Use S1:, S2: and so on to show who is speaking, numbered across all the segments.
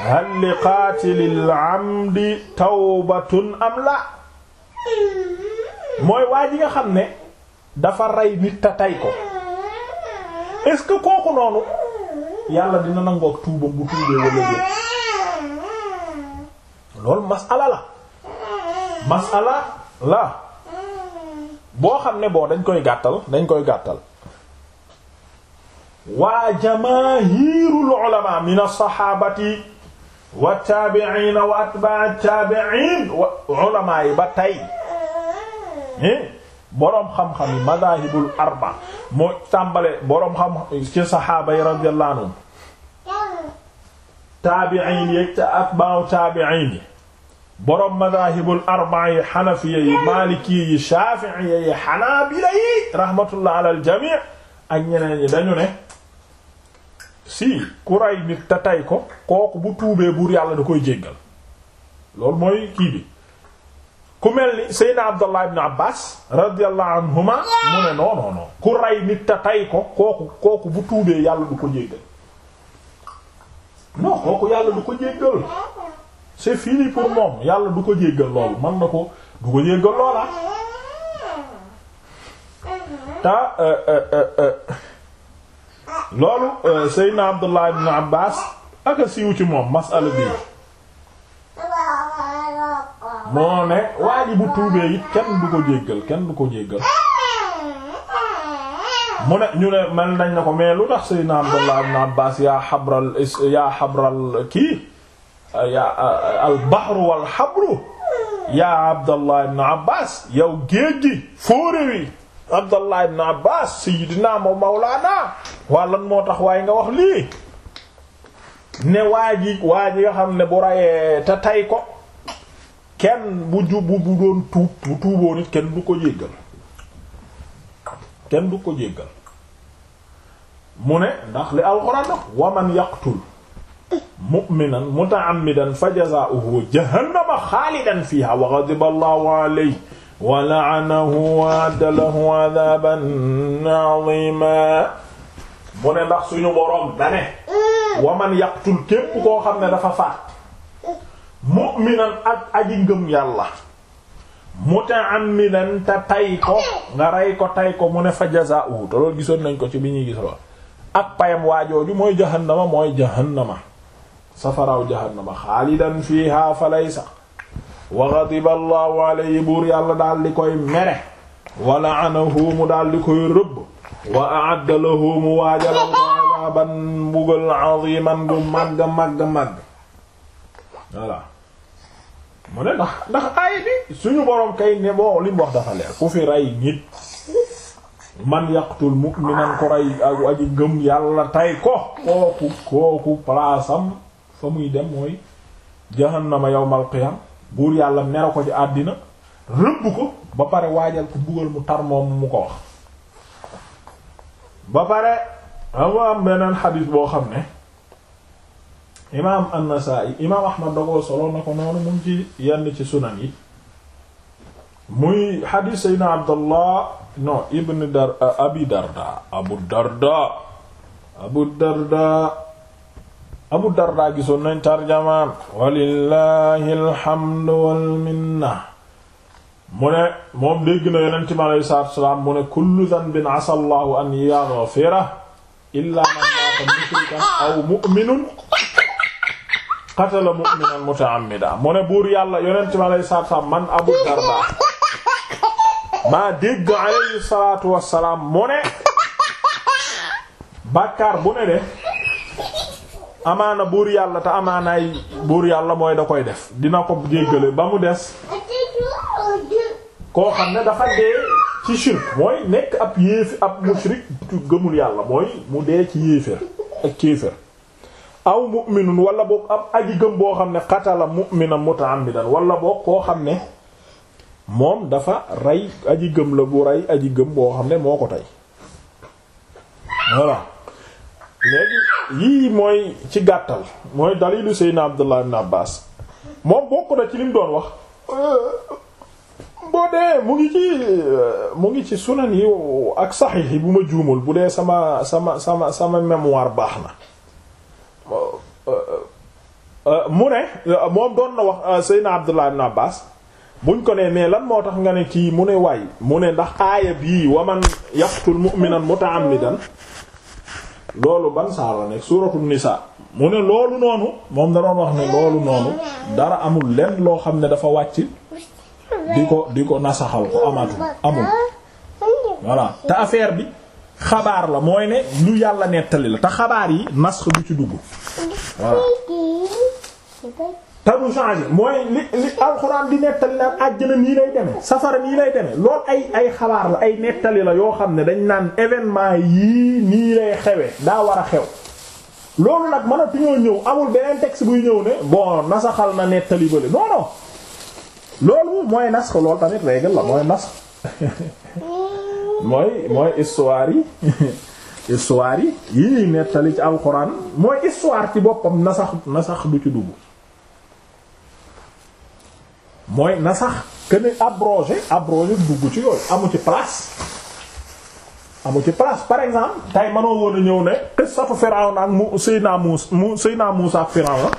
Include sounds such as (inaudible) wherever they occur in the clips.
S1: hal li qaatilil amdi tawbatun am la mooy waa ji nga xam ne dafa rey nit ta tay ko est-ce que kooku noonu yàlla dina nangoo tuubam bu tuubee walla jël loolu masala la masala la boo xam ne boo dañ koy gàttal dañ koy gàttal waa jamaahiirul ulamaa min as-saxaabati wa taabi'ina wa atba'a taabi'in wa ulama yi ba tey boroom xam-xam yi madahibul arba moo tàmbale boroom xam ci saxaaba yi radiyallahu anhum taabi'in yi atba'u taabi'in yi boroom madahibul arba yi xanafiya yi maaliki yi shaafi'iya yi xanaabila yi rahmatullah ala al jami' ak ñeneen ñi dañu ne si ku rey nit te tey ko kooku bu tuubee buur yàlla du koy jéggal loolu mooy kii bi ku mel ni Seydina Abdallah ibn Abbas radiyallahu anhuma mu ne non ku rey nit te tey ko kooku kooku bu tuubee yàlla du ko jéggal non kooku yàlla du ko jéggal c'est fini pour moom yàlla du ko jéggal loolu mën na ko du ko jéggal loola ta euh, euh, euh, loolu euh, Seydina Abdullah ibn Abbas ak ci moom masala bi moo ne waa tuubee it kenn du ko jéggal kenn du ko jéggal mu ne ñu ne mel nañ na ko mais lu tax Seydina Abdullah ibn Abbas yaa xabral kii yaa al wal xabru yaa Abdullah ibn Abbas yow géej gi fóore wi Abdullah ibn Abbas sayyidina mawlaana waa moo tax waaye nga wax lii ne waa ji waa ji nga xam ne bu rayee te tay kenn bu jub bu doon tuub kenn du ko jéggal kenn du mu ne ndax li alxuraan na wa man yaqtul mu'minan muta'ammidan fa jazaa'uhu jahannama xaalidan fiiha wa ghadiba allahu alayhi wa la'anahu wa adda lahu mu ne ndax suñu boroom dane mm. waman yaqtul képp koo xam ne dafa faat mu'minan ak aji ngëm yàlla muta'ammidan te tay ko nga rey ko tay ko mu ne fa jazaa'u te loolu gisoon nañ ko ci bi ñuy gisoo ak payam waajooju mooy jahannama mooy jahannama safaraaw jahannama xaalidan fiiha falaysa wa ghadiba allahu buur yàlla daal di koy mere wa la'anahu daal di koy rëbb wa a'adda lahu mu waajalal ko mbugal aziman gu màgg màgg màgg voilà mu ne ndax ndax aay bi suñu boroom kay ne boo li wax dafa leer ku fi rey nit man yaqtul mu'minan ko rey ak aji gëm yàlla tey ko kooku kooku palaasam fa muy dem mooy jahannama yawmal qiyam buur yàlla nera ko ci àddina rëbb ko ba pare waajal ko bugal mu tar moom mu ko wax ba pare ama am boo xam ne imaam an-Nasaa'i imaam Ahmad dagoo solo na ko noonu mu ngi ci yenn ci sunan yi muy xadis Seydina Abdallah non ibn dar abi darda abu darda abu darda abu darda gisoon nañ tarjamaam walillahi alhamdu wal minna mu ne moom dégg na yonente bi aleyhi salaatu wasalaam mu kullu dhanbin asa an yaghfira illa man maata yàlla yonente bi aleyhi salaatu wasalaam man abu darda maa dégg aleyhi salaatu wasalaam mu de amaana buur yàlla te amaanaay mooy da koy def dina ko jéggale ba mu des koo xam ne dafa dee ci shirk mooy nekk ab yéef ab mushrik gëmul yàlla mooy mu dee ci yéeféer ak kéeféer aw mu'minun wala boog ab aji gëm boo xam ne qatala mu'minan muta'ammidan wala boog koo xam ne moom dafa rey aji gëm la bu rey aji gëm boo xam ne moo ko tey voilà léegi yii mooy ci gàttal mooy dalilu Seydina Abdullah ibn Abbas moom bokk na ci lim doon wax boo dee mu ngi ci mu ngi ci sunan yi ak saxiix yi bu ma juumul bu dee sama sama sama sama mémoire baax na mu ne moom doon na wax Seydina Abdullah ibn Abbas buñ ko ne mais lan moo tax nga ne kii mu ne waay mu ne ndax aaya bii waman yaqtul mu'minan muta'ammidan loolu ban saar la nekk suuratul nisaa mu ne loolu noonu moom da wax ne loolu noonu dara amul lenn loo xam ne dafa wàcc di ko di ko nasaxal ko amatu amul voilà te affaire bi xabaar la mooy ne lu yàlla nettali la te xabaar yi nasx du ci dugg voilà te du changer mooy li li alxuraan di nettali naan àjjana nii lay demee safara nii lay demee lool ay ay xabaar la ay nettali la yoo xam ne dañ naan événement yii nii lay xewee daa war a xew loolu nag mënatuñoo ñëw amul beneen texte buy ñëw ne bon nasaxal na nettali bële non loolu mooy nasx loolu tamit règle la mooy nasx mm. mooy mooy histoire yi histoire yi yi ñuy nettali ci alxuraan mooy histoire ci boppam nasax nasax du ci dugg mooy nasax que ni abrogé abrogé ci yooyu amu ci place amu ci place par exemple tey mënoo woon ñëw ne xissatu Firawna ak mu Seydina Muusa mu Seydina Muusa ak Firawna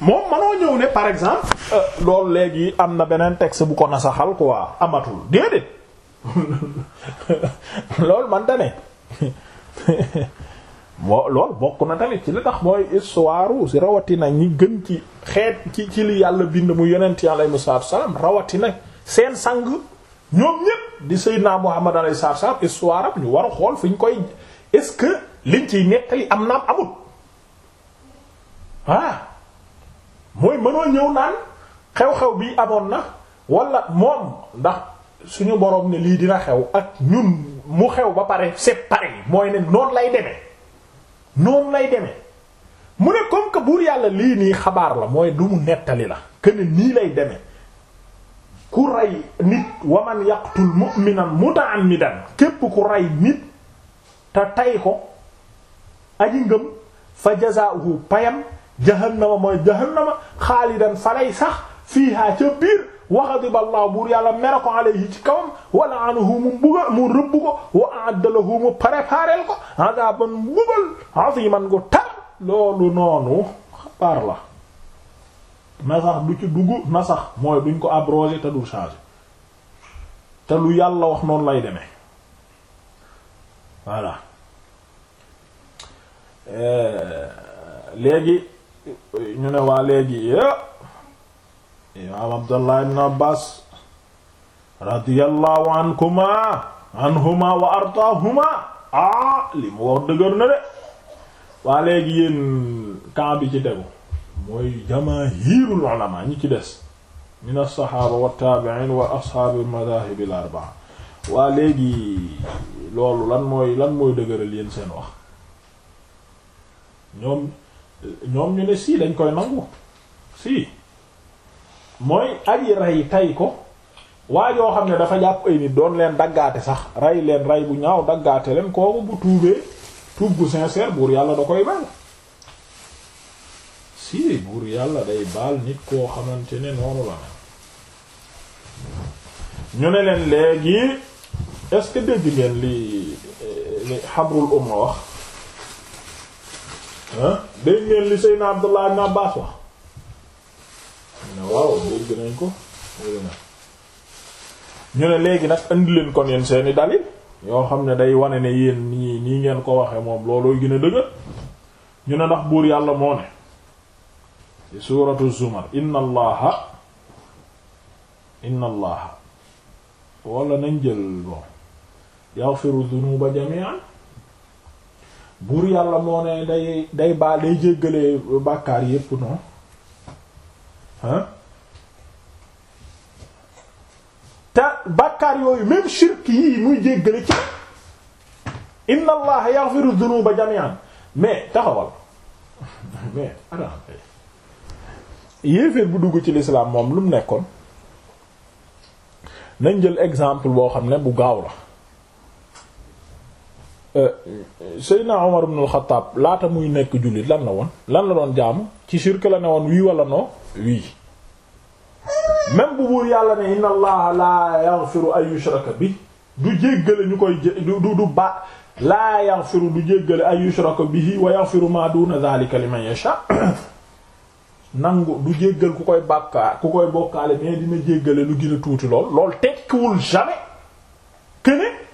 S1: moom manoo ñëw ne par exemple euh, loolu léegi am na beneen texte bu ko nasaxal quoi amatul déedéet (laughs) loolu man dane (laughs) moo loolu bokk na tamit ci li tax mooy histoire si rawatina ñi gën ci xeet ci ci li yàlla bind mu yonent yi alayhi salaam rawatina seen sang ñoom ñépp di Seydina Muhammad alayhi salaam histoire ñu war a xool fi ñu koy est-ce que liñ ciy nettali am naam amut ah. mooy mënoo ñëw naan xew-xew bi amoon na wala moom ndax suñu borom ne lii dina xew ak ñun mu xew ba pare c'est pareil mooy ne noonu lay demee noonu lay demee mu ne comme que buur yàlla lii nii xabaar la mooy du mu nettali la que nii lay demee ku rey nit waman yaqtul mu'minan muta'ammidan képp ku rey nit te tey ko aji ngëm fa jazaa'uhu payam jahannama mooy jahannama xaalidan falay sax fiihaa ca biir waxadiballaahu buur yàlla mere ko alayhi ci kawam wala anahu mu mbugal mu rëbb ko wa a'adda lahu mu préparel ko adaban mbugal aziman gu tar loolu noonu xabaar la nasax du ci dugg nasax mooy duñ ko abrogé te du changé te lu yàlla wax noonu lay demee voilà euh, léegi ñu ne waa léegi eh, imaam abdullah ibn abbas radiyallahu ankumaa anhuma wa ardaahuma ah li mu wax dëgër na de waa léegi yéen camp ci tegu mooy jamaahirul ulama ñi ci des min as-saxaaba wa taabi'in wa ashaabil madaahibil arba'a waa léegi loolu lan mooy lan mooy dëgëral yéen seen wax ñoom ñoom ñu ne si dañ koy nangu si mooy aji rey tay ko waa yoo xam ne dafa jàpp ay nit doon leen daggaate sax ray leen ray bu ñaaw daggaate leen kooku bu tuubee tuub bu sincère buur yàlla da koy baal si buur yàlla day baal nit koo xamante ne noonu la ne ñu ne leen léegi est-ce que dégg ngeen li eh, li xabrul umma wax ah dégg ngeen li Seydina Abdullah ibn Abbas wax ne ko ñu ne léegi nag indi leen kon seeni dalil yoo xam ne day wane ne yéen nii ngeen ko waxe moom loolooy gën a dëgër ñu ne ndax buur yàlla moo ne ci suuratu Zumar inna allaha inna allaha wala nañ jël bon yaghfiru dhunuba jami'an buur yàlla moo ne day day baal day jéggale bàkkaar yépp non hein te bàkkaar yooyu même shirk yii muy jéggale ci inna allaha yaghfiru dhunuba jami'an mais taxawal (laughs) mais yéeféer bu dugg ci l'islam moom lu mu nekkoon nañ jël exemple boo xam ne bu gaaw la Euh, Seydina Omar ibn al-Khattab laata muy nekk jullit lan la woon lan la doon jaamu ci shirk la ne woon wii wala non wii même bu buur yàlla ne inna allaha laa yaghfiru an yushraka bi du jéggale ñu koy du du ba laa yaghfiru du jéggale an yushraka bihi wa yaghfiru ma duna dhalika liman yasha (coughs) nangu du jéggal ku koy bàkkaar ku koy bokkaale mais dina jéggale lu gën tuuti lool lool tekkiwul jamais kene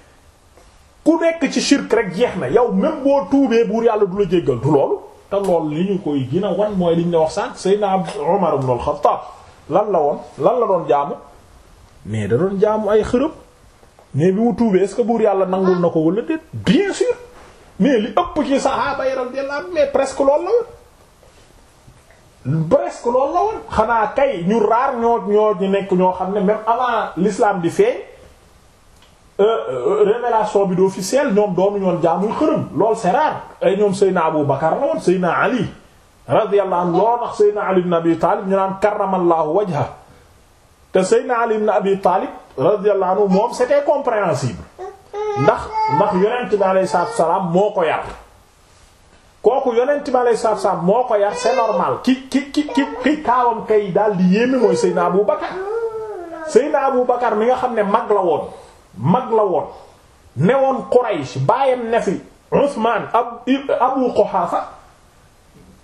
S1: ku nekk ci shirk rek jeex na yow même boo tuubee buur yàlla du la jéggal du loolu te loolu li ñu koy gën a wan mooy ñu la wax sànq Seydina Umar ibn al-Khattab lan la woon lan la doon jaamu mais da doon jaamu ay xërëb mais bi mu tuubee est-ce buur yàlla nangul na ko wala déet bien sûr mais li ëpp ci saxaaba yi radiyallahu anhum mais presque loolu la woon presque loolu la woon xanaa kay ñu raar ñoo ñoo ñu nekk ñoo xam ne même avant lislaam di feeñ Euh, euh, révélation bi du officiel ñoom doonu ñoon jaamul xërëm lool c'est rare ay ñoom Seydina Abu Bakar la woon Seydina Ali radiyallahu anhu lool ndax Seydina Ali te Seydina Ali ndax ndax yonent bi alayhi salaatu salaam moo ko yar kooku yonent bi alayhi salaam moo ko yar c'est normal ki ki ki ki ki kaawam kay daal di yéeme mooy Seydina Abu Bakar Seydina Abu Bakar mi nga xam ne mag la woon mag la woon newoon Quraysh baayam ne fi Usmaan ab Abu Quhaafa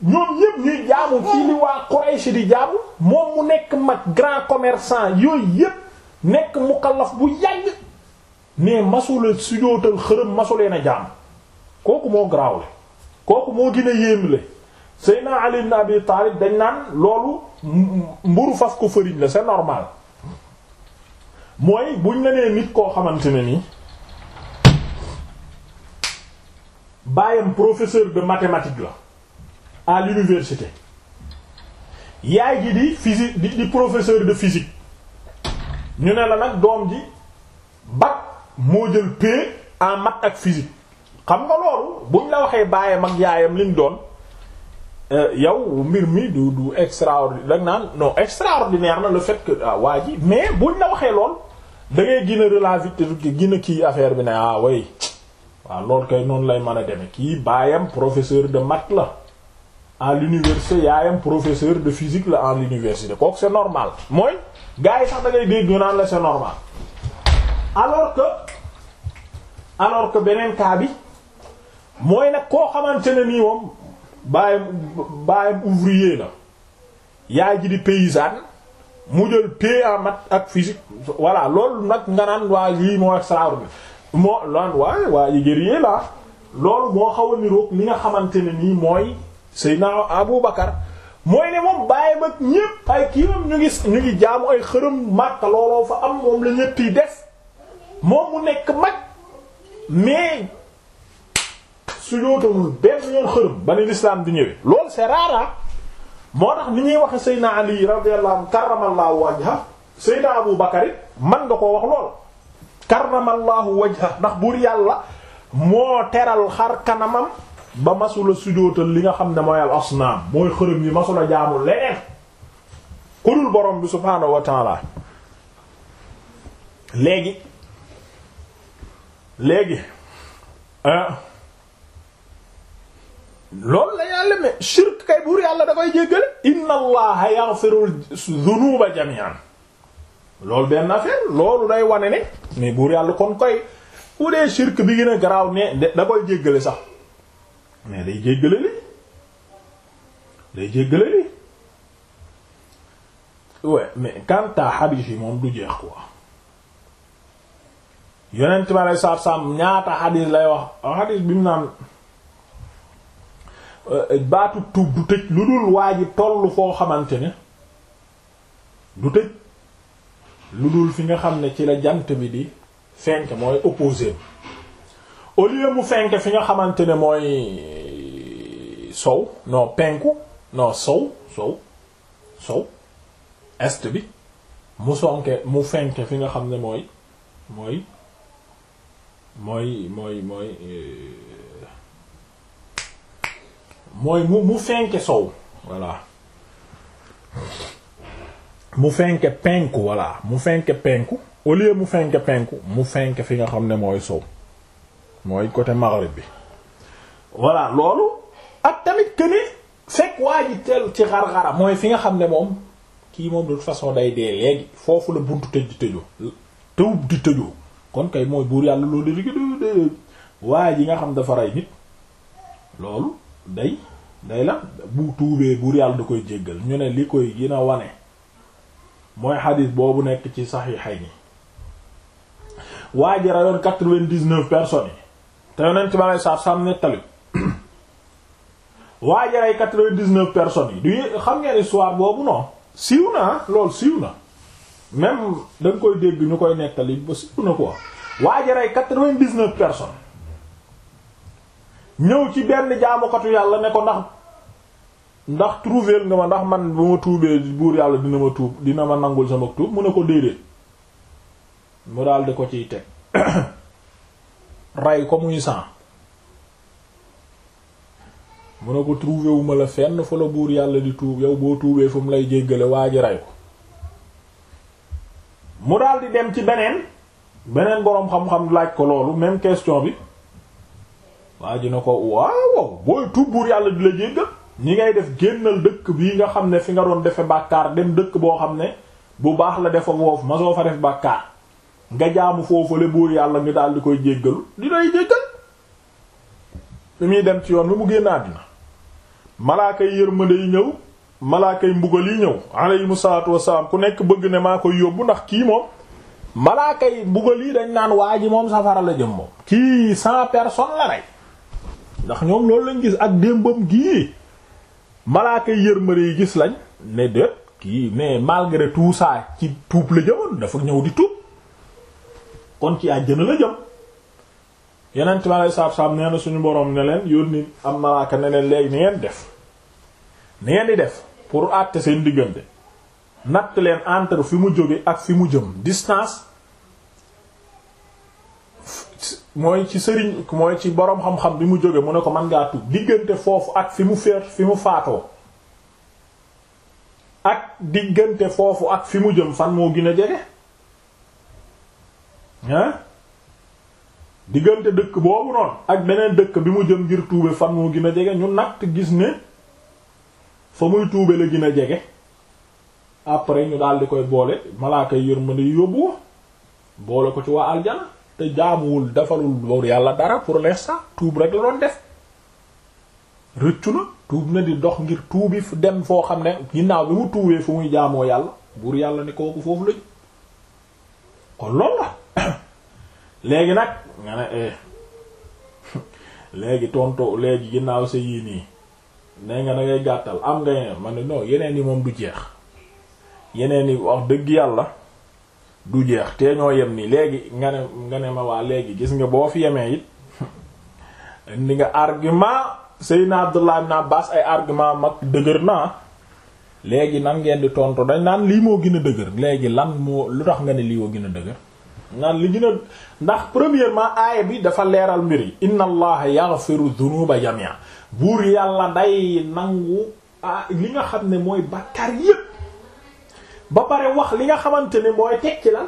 S1: ñoom ñépp ñuy jaamu ci li waa Quraysh di jaamu moom mu nekk mag grand commerçant yooyu yépp nekk mukallaf bu yàgg mais masula sujootal xërëm masuleen a jaam kooku moo garaawle kooku moo gën a yéemle Seydina Ali ibn Abi Taalib dañ naan loolu mburu fas ko fëriñ la c'est normal mooy buñ la nee nit koo xamante ne ni baayam professeur de mathématiques la à l'université yaay ji di physique di di professeur de physique ñu ne la nag doom ji bac moo jël P en maths ak physique xam nga loolu buñ la waxee baayam ak yaayam liñ doon euh, yow mbir mi du du extraordinaire dag naa non extraordinaire na le fait que ah, waa ji mais buñ la waxee lool da ngay gën a relativité kii affaire bi ne ah way waaw loolu kay noonu lay mën a demee kii baayam professeur de maths la à l'université yaayam professeur de physique la en l'université kooku c'est normal mooy gars sax da ngay dégg ñu naan la c'est normal alors que alors que beneen kaa bi mooy nag koo xamante ne nii moom baayam baayam ouvrier la yaay ji di paysanne. mu jël P en ak physique voilà loolu nag nga naan waa lii moo extraordinaire moo lan waaye waa yi guerrier loolu moo xaw a niroog li nga xamante ne nii mooy Seydina Abu Bakar mooy ne moom bàyyi ba ñépp ay kiiwam ñu ngi ñu ngi jaamu ay xërëm Makka looloo fa am moom la ñépp def moom mu nekk mag mais su yootamul benn yoon xërëm ba ni l'islam di ñëwee loolu c'est moo tax ni ñuy waxe Seydina Ali radiyallahu anhu karramallahu wajha Seydina Abu Bakar man nga koo wax lool karramallahu wajha ndax buur yàlla moo teral xar kanamam ba masula sujootal li nga xam ne mooy al asnaam mooy xërëm yi masula jaamul leneen ku dul borom bi subhaanahu wa léegi léegi ah, loolu la yàlla mais shirk kay buur yàlla da koy jéggale inna allaha yaghfirul dhunuba jami'an loolu benn affaire loolu day wane ne mais buur yàlla kon koy bu dee shirk bi gën a garaaw ne da koy jéggale sax mais day jéggale li day jéggale li ouais mais quant à yi moom du jeex quoi yonent ma lay saab saab ñaata hadith lay wax hadith bi mu naan Euh, euh, baatu tuub du tëj lu dul waa ji tollu foo xamante ne du tëj lu dul fi nga xam ne ci la jant bi di fenk mooy opposé au lieu mu fenk fi nga xamante ne mooy sow non penku non sow sow sow est bi mu sonke mu fenk fi nga xam ne mooy mooy mooy mooy mooy euh, mooy mu mu fenke sow voilà mu fenke penku voilà mu fenke penku mu fenke mu fenke fi nga xam ne mooy sow mooy côté maghrib bi voilà loolu ak tamit que ni fekk waa ji teel ci xar-xara mooy fi nga xam ne moom kii moom de façon day dee léegi foofu la buntu tëj di tëjoo tëwub di tëjoo kon kay mooy buur yàlla loolu léegi waa ji nga xam dafa rey nit loolu day day la bu tuubee buur yàlla du koy jéggal ñu ne li koy gën wane mooy xadis boobu nekk ci sax yi ji rayoon quatre-vingt-dix-neuf personnes yi te yonent ba ngay saab saab nettali (clears throat) personnes yi du xam ngeen histoire boobu noonu siiw na lool siiw na même da nga koy dégg ñu koy nettali ba siiw na quoi waa ji ray quatre vingt dix personnes ñëw ci benn jaamukatu yàlla ne ko ndax ndax trouver nga ma ndax man bu ma tuubee buur yàlla dina ma tuub dina ma nangul sama tuub mu ne ko déedéet mu daal di ko ciy teg (coughs) ray ko muy san mu ne ko trouver wu ma la fenn folo buur yàlla di tuub yow boo tuubee fu mu lay jéggale waa ji rey ko mu daal di dem ci beneen beneen boroom xam-xam laaj ko loolu même question bi waa ji ne ko waaw booy tuub buur yàlla di la jéggal ñi ngay def génnal dëkk bii nga xam ne fi nga doon defe bàkkaar dem dëkk boo xam ne bu baax la def ak woofu ma soo fa def bàkkaar nga jaamu foofule buur yàlla mi daal di koy jéggalu di lay jéggal bi muy dem ci yoon bi mu génn àddina malaaka yi yërmande ñëw malaaka yi mbugal yi ñëw alayhimu salaatu wassalaam ku nekk bëgg ne maa koy yóbbu ndax kii moom malaakay yi mbugal yi dañ naan waa ji moom safara la jëm la rey ndax ñoom loolu lañ gis ak démbam gii malaaka yërmande yi gis lañ ne de kii mais malgré tout saa ci tuub la jëmoon dafa ñëw di tuub kon ci àjjana la jëm yeneen ma lay saab saab nee na suñu borom ne leen yónni am malaaka ne leen léegi ni ngeen def ni ngeen di def pour àtte seen diggante natt leen entre fi mu jóge ak fi mu jëm distance mooy ci sëriñ mooy ci boroom xam-xam bi mu jóge mu ne ko mën ngaa tuub diggante foofu ak fi mu feer fi mu faatoo ak diggante foofu ak fi mu jëm fan moo gin a jege diggante dëkk boobu noonu ak beneen dëkk bi mu jëm ngir tuube fan moo gin a jege ñu natt gis ne fa muy tuube la gin a jege après ñu daal koy boole malaaka yërmande yóbbu boole ko ci waa aljana te jaamuwul defalul boobu yàlla dara pour l'instant tuub rek la doon def rëccu na tuub na di dox ngir tuubi dem foo xam ne ginnaaw bi mu tuubee fu muy jaamoo yàlla buur yàlla ne kooku foofu lañ kon loolu la (coughs) léegi nag nga ne eh, (laughs) léegi tonto léegi ginnaaw sa yii nii ne nga da ngay gàttal am nga yeneen ma ne non yeneen yi moom du jeex yeneen yi wax dëgg yàlla du jeex te ñoo yem ni léegi nga ne nga ne ma waa léegi gis nga boo fi yemee it (laughs) ndi nga argument Seydina Abdullah ibn Abbas ay argument mag dëgër naa léegi nan ngeen di tontu dañ naan lii moo gën a dëgër léegi lan moo lu tax nga ne lii moo gën a dëgër naan li gën a ndax premièrement aaya bi dafa leeral mbir yi inna allaha yaghfiru dhunuba jami'a buur yàlla day nangu ah li nga xam ne mooy bàkkaar yépp ba pare wax li nga xamante ne mooy teg ci lan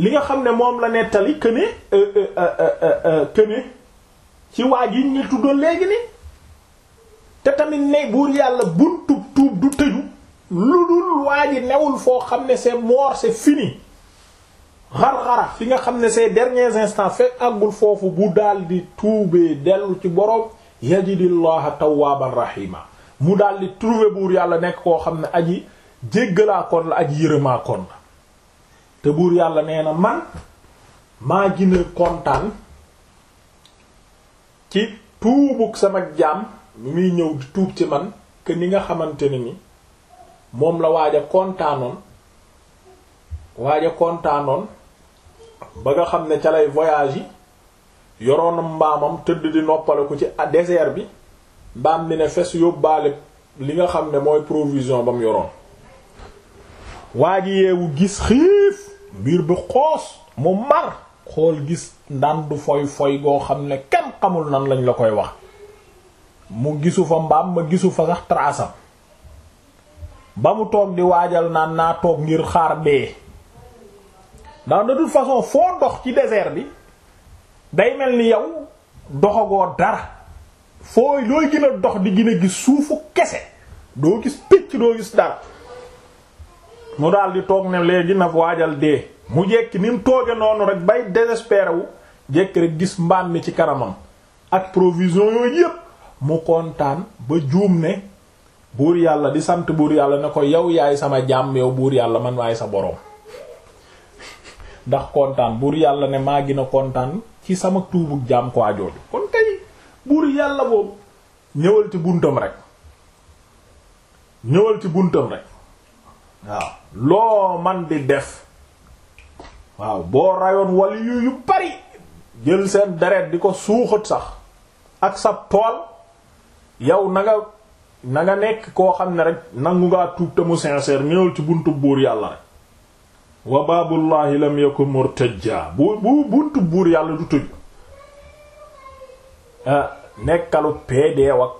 S1: li nga xam ne moom la nettali këne këne euh, euh, euh, ci waa ji ñu tudd léegi ni te tamit ne buur yàlla buntu tuub du tëju lu dul waa ji newul foo xam ne c'est mort c'est fini xar-xara fi nga xam ne ces dernier instant fekk àggul foofu bu daal di tuubee dellu ci boroom yajidillaha tawwaban rahima mu daal di trouver buur yàlla nekk koo xam ne aji jéggalaakoon la ak yërëmaakoon la te buur yàlla nee na man maa gën kontaan ci tuubug sama jaam mi muy ñëw di tuub ci man que ni nga xamante ne ni moom la waaj a kontaanoon waaja kontaanoon ba nga xam ne ca lay voyage yi yoroon mbaamam tëdd di noppale ko ci désert bi mbaam mi ne fes yóbbaale li nga xam ne mooy provision ba mu yoroon waa ji yeewu gis xiif biir bi xoos mu mar xool gis ndandu foy foy goo xam ne kenn xamul nan lañ la koy wax mu gisu fa mbaam ma gisu fa sax trasam ba mu toog di waajal naan naa toog ngir xaar bee ndax de façon foo dox ci désert bi day mel ni yow doxagoo dara foo looy gën dox di gën gis suufu kese doo gis picc doo gis dara mu daal di toog ne léegi na waajal dee mu jekki ni mu tooge noonu rek bay désespéré wu jekki rek gis mbaam mi ci kanamam ak provision yooyu yépp mu kontaan ba juum ne buur yàlla di sant buur yàlla ne ko yow yaay sama jàmm yow buur yàlla man waaye sa boroom (laughs) ndax kontaan buur yàlla ne maa gën kontaan ci sama tuubu jaam ko ajooju kon kay buur yàlla boobu ñëwal ci buntam rek ñëwal ci buntam rek waaw loo man di def waaw boo rayoon waliyu yu bari jël seen deret di ko suuxat sax ak sa tool yow na nanga nekk koo xam ne rek nangu ngaa tuub te mu sincère ci buntu buur yàlla rek wa baabullahi lam ko murtajja bu bu buntu buur yàlla du tëj ah, nekkalu pdw ak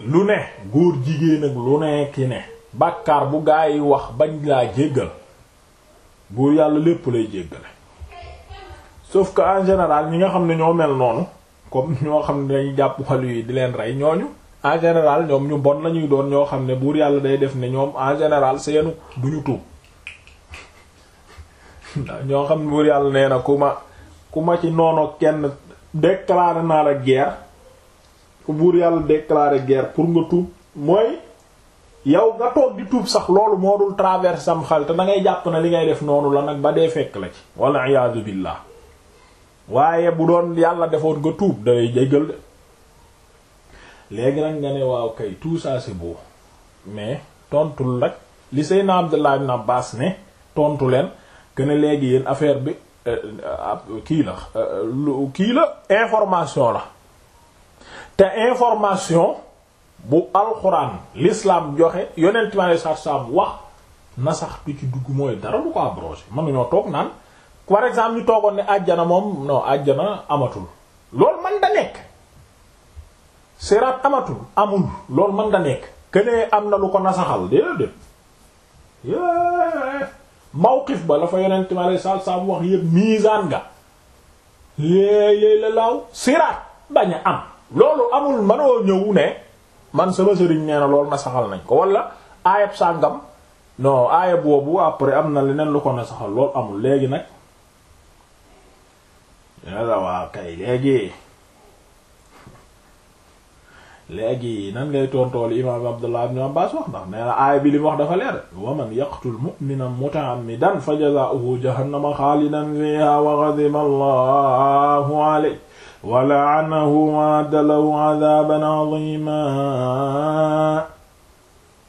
S1: lu ne góor jigéen ak lu ne ki ne bàkkaar bu gaa yi wax bañ laa jéggal buur yàlla lépp lay jéggale sauf que en général ñi nga xam ne ñoo mel noonu comme ñoo xam ne dañuy jàpp xalu yi di leen rey ñooñu en général ñoom ñu bon lañuy doon ñoo xam ne buur yàlla day def ne ñoom en général seenu duñu tuub ñoo xam ne buur yàlla nee na ku ma ku ma ci noonu kenn déclaré naa la guerre ku buur yàlla déclaré guerre pour nga tuub mooy yow nga toog di tuub sax loolu moo dul traverse sam te da jàpp na li ngay def noonu la nag ba dee fekk la ci walla iyaadu billaah waaye bu doon yàlla defoon nga tuub jégal léegi nag nga ne waaw kay tout ça c'est beau mais tontul rek li Seydina Abdullah ibn ne tontu leen que léegi affaire bi euh, kii la euh, kii la information la te information bu alxuraan lislaam joxe yonent mi alei satu salaam wax nasax bi ci dugg mooy dara du ko abrogé mën nañoo toog naan par exemple ñu toogoon ne àjjana moom non àjjana amatul loolu man da nekk siraat amatul amul loolu man da nekk kenee am na lu ko nasaxal déedéet mawqif ba la fa yonent mi alei satu siraat bañ a am loolu amul mënoo ñëw ne man sama sëriñ nee na loolu nañ ko wala aayab sàngam non aaya boobu après am na leneen lu ko na saxal amul léegi nag yàlla waa kay léegi léegi nan ngay tontool imaam Abdullah ibn Abbas wax ndax nee na aaya li mu wax dafa leer wa man yaqtul mu'mina muta'ammidan fa jazaa'uhu jahannama xaalidan fiihaa wa ghadiba Allahu walaanahu waadda lahu aadaaban adima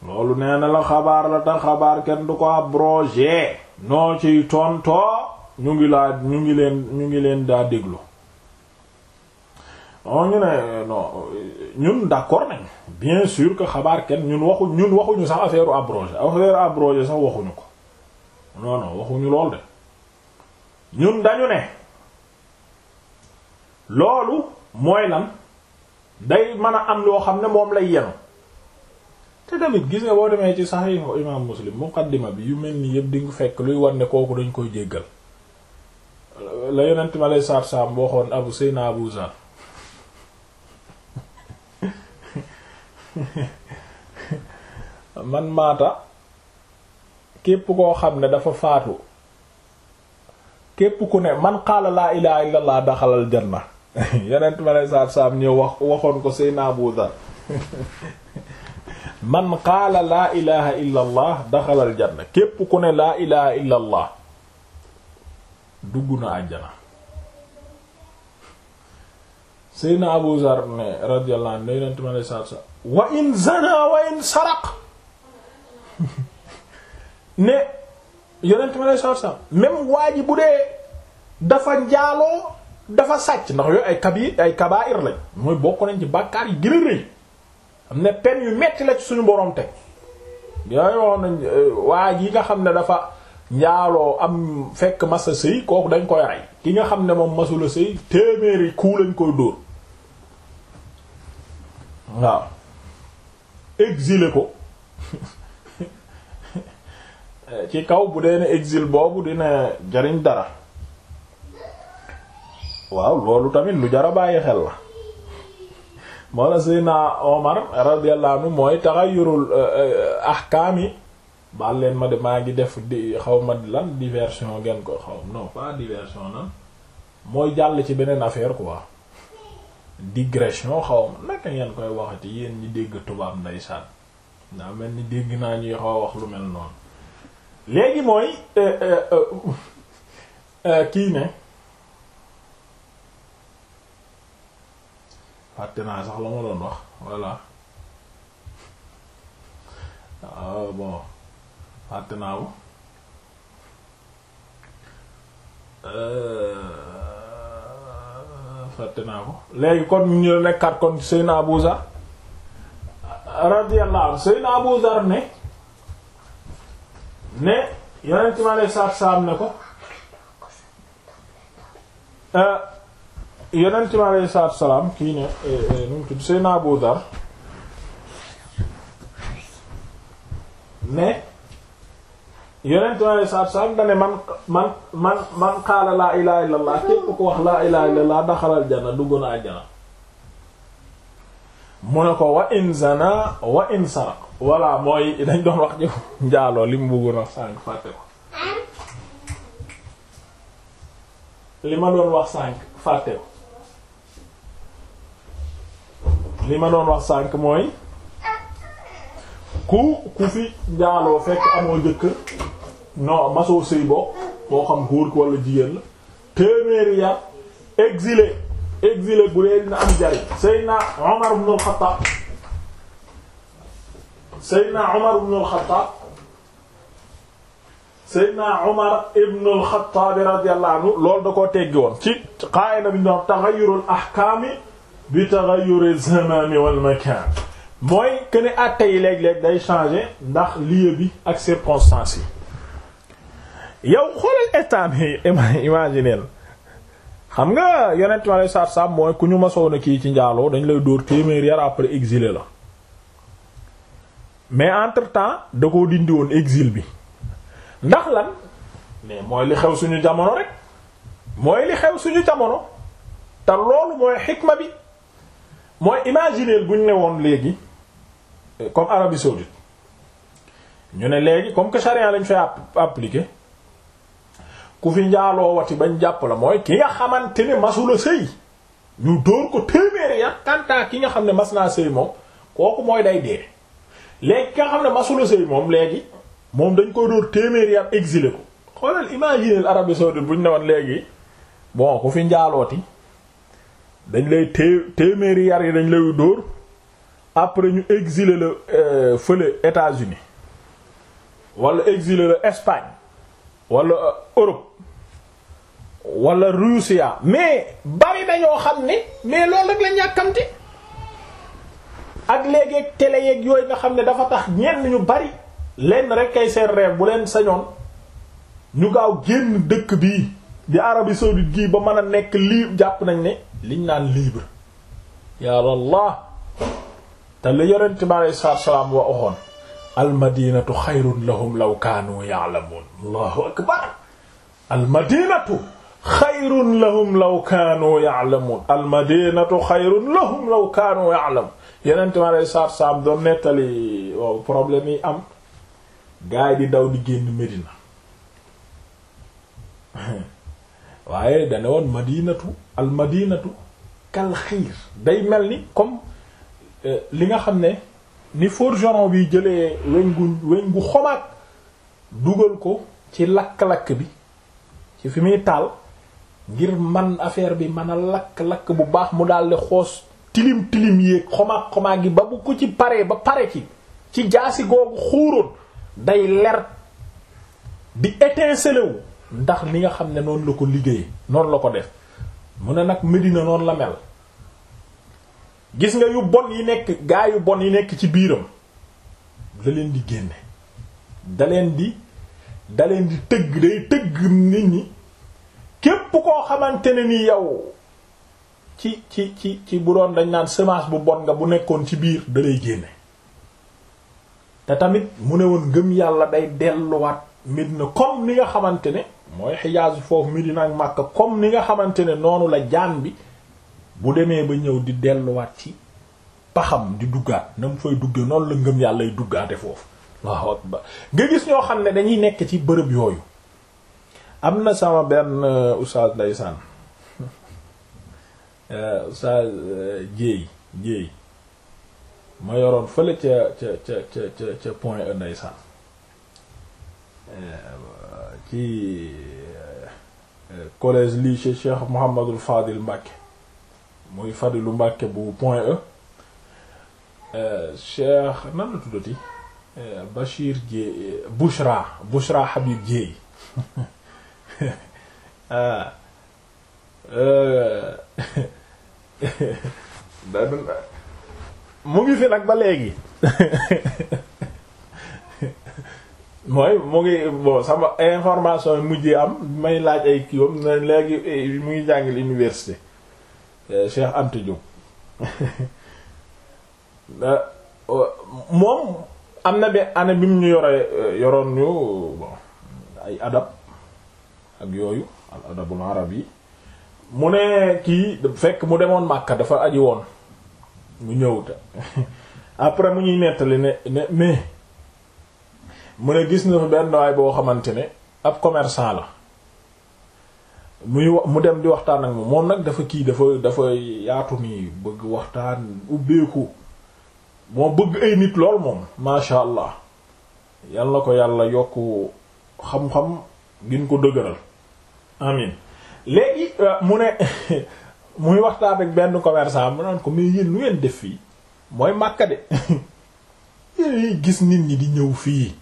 S1: loolu nee na la xabaar la tax xabaar kenn du ko abrogé noo ciy tontoo ñu ngi laa ñu ngi leen ñu ngi leen daa déglu o oh, ñu ne non ñun d'accord nañ bien sûr que xabaar kenn ñun waxu ñun waxuñu sax affaire abrogé affaire abrogé sax waxuñu ko non waxuñu lool de ñun dañu ne loolu mooy lan day mën a am loo xam ne moom lay yenu te tamit gis nga boo demee ci Sahih Imam Muslim muqaddima bi yu mel ni yëpp di nga fekk luy wan ne kooku dañ koy jéggal la yonent ma lay saar saam boo abu seyna abu zar man maata képp koo xam ne dafa faatu képp ku ne man qaala laa ilaaha laa daxalal janna yeneen ma lay saab man qaala laa ilaha illa allah daxala al janna ku ne laa ilaha illa allah dugg na àjjana Seydina Abu Dhar wa in zana wa in saraq (laughs) ne yeneen ma lay dafa njaaloo dafa sàcc ndax yooyu ay kabi ay kabaa'ir lañ mooy bokk nañ ci bàkkaar yi gën a rëy am na peine yu metti la ci suñu borom teg yooyu woon nañ euh, waa yi nga xam ne dafa njaaloo am fekk masa sëy kooku dañ koy rey ki nga xam ne moom masula sëy téeméeri kuu lañ koy dóor waaw exilé ko (laughs) eh, ci kaw bu dee ne exil boobu dina jariñ dara waaw loolu tamit lu jara bàyyi xel la moo la Seydina Omar radiyallahu anhu mooy taxayurul euh, euh, ahkaam yi baal ma de maa ngi def di xaw ma lan diversion ngeen ko xaw non pas diversion nan mooy jàll ci beneen affaire quoi digression xaw ma naka ngeen koy waxati yéen ñi dégg tubaab ndeysaan ndaa mel ni dégg naa ñuy xaw wax lu mel noonu léegi mooy euh, kii ne fàtte naa sax la ma doon wax voilà ah bon fàtte naa ko euh, fàtte naa ko léegi kon ñu ngi nekkaat kon Seyna Abu Zar radiyallahu anhu Seyna Abu Zar ne ne yonent mi alayhi salaatu ne ko. Euh, yonent bi aleyhi salaatu wa salaam kii ne eh, eh, nu mu tudd Seydina Abu Dar ne yonent bi aleyhi salaatu salaam da man man man man qaala laa ilaaha illallaah képp ko wax laa ilaaha illallaah daxalal janna dugg na àjjana mu ne ko wa in zana wa in saraq voilà mooy dañ doon wax jëf njaaloo li mu bëggoon wax sànq fàtte ko li ma doon wax sànq fàtte ko li ma doon wax sànq mooy ku ku fi njaaloo fekk amoo jëkkër non masoo sëy boo boo xam góor ki wala jigéen la téeméeri yar exilé exilé bu dee dina am jari Seydina Omar ibn al-Khattab Seydina Omar ibn al-Khattab Seydina Omar ibn al-Khattab radiyallahu anhu loolu da koo teggi woon ci qaayida bi ñu doon ahkaami bi taghayyur zaman wal makan mooy que ne àtte yi léeg-léeg day changer ndax lieu bi ak circonstances yi yow xoolal état bi imagineel xam nga yonent mi alei satu salaam mooy ku ñu masoon a kii ci njaaloo dañ lay dóor téeméer yar après exilé la mais entre temps da koo dindi woon exil bi ndax lan mais mooy li xew suñu jamono rek mooy li xew suñu jamono te loolu mooy xikma bi mooy imaginer bu ñu ne woon léegi comme Arabie saoudite ñu ne léegi comme que charia lañu fay appliquer ku fi njaaloo wati bañ jàpp la mooy ki nga xamante ne masula sëy ñu dóor ko téeméeri ya kantaa ki nga xam ne mas naa sëy moom kooku mooy day dee léegi ki nga xam ne masula sëy moom léegi moom dañ koy dóor téeméeri ya exilé ko xoolal imaginer Arabie saoudite bu ñu ne woon léegi bon ku fi njaalooti dañ lay té téeméeri yar yi dañ lay dóor après ñu exiler la euh, fële États-Unis wala exiler la Espagne wala euh, Europe wala Russie mais bari dañoo xam ne mais loolu rek la ñàkkamti ak léegi télé yeeg yooyu nga xam ne dafa tax ñenn ñu bari lenn rek kay seen rêve bu leen sañoon ñu gaaw génn dëkk bi di Arabie saoudite gii ba mën a nekk lii jàpp nañ ne liñ naan libre ya Allah te li yonent bi salaam wa waxoon almadinatu xayrun lahum law kaanu ya'lamuun allahu akbar almadinatu xayrun lahum law kaanu ya'lamuun almadinatu xayrun salaam doon nettali waaw yi am gaay di daw di génn Medina (laughs) waaye dana woon madinatu al madinatu kal day mel ni comme euh, li nga xam ne ni forgeron bi jëlee weñ gu weñ gu xomaag dugal ko ci lakk-lakk bi ci fi muy taal ngir man affaire bi mën a lakk-lakk bu baax mu daldi xoos tilim tilim yéeg xomaag xomaag gi ba bu ko ci pare ba pare ci ci jaasi googu xuuroon day ler bi étinceler wu ndax li nga xam ne noonu la ko liggéey noonu la ko def mu ne nag Medina noonu la mel gis nga yu bon yi nekk gaa yu bon yi nekk ci biiram da leen di génne da di da di tëgg day tëgg nit ñi képp koo xamante ne ni yow ci ci ci ci bu doon dañ naan semence bu bon nga bu nekkoon ci biir da génne te tamit mu ne woon gëm yàlla day delluwaat Medina comme ni nga xamante ne mooy xijaas foofu Medina ak Makka comme ni nga xamante ne noonu la jaan bi bu demee ba ñëw di delluwaat ci paxam di duggaat na mu fay dugge noonu la ngëm yàlla lay duggaate foofu waaw akbar nga gis ñoo xam ne dañuy nekk ci bërëb yooyu am na sama benn euh, oustaz ndeysaan (laughs) euh, oustaz jéey euh, jéey ma yoroon ci euh, euh, collège lycée Cheikh Mouhamadul Fadil Mbàkke muy Fadilu Mbàkke bu Point E euh, Cheikh nan la tuddati Bachir Dieye Bouchra Habib Dieye (laughs) ah, (laughs) mu ngi fi nag ba léegi (laughs) mooy mu ngi bon sama information yi mujjee am may laaj ay kiiwam ne léegi eh, mu ngi jàngil université eh, Cheikh Anta Diop (laughs) eh, moom am na benn année bi mu ñu yore yoroon ñu ay adab ak yooyu al adabul arab yi mu ne kii fekk mu demoon Makka dafa aji woon mu ñëw (laughs) après mu ñuy nettali ne ne mais mu ne gis na fa benn waay boo xamante ne ab commerçant la muy mu dem di waxtaan ak moom moom nag dafa kii dafa dafa yaatu ni bëgg waxtaan ubbeeku moo bëgg ay nit lool moom masha allah yal na ko yàlla yokk xam-xam gin ko dëgëral amin léegi euh, mu ne (laughs) muy waxtaan ak benn commerçant mu naan ko mais yéen lu ngeen def fii mooy Makka de (laughs) yéen gis nit ñi di ñëw fii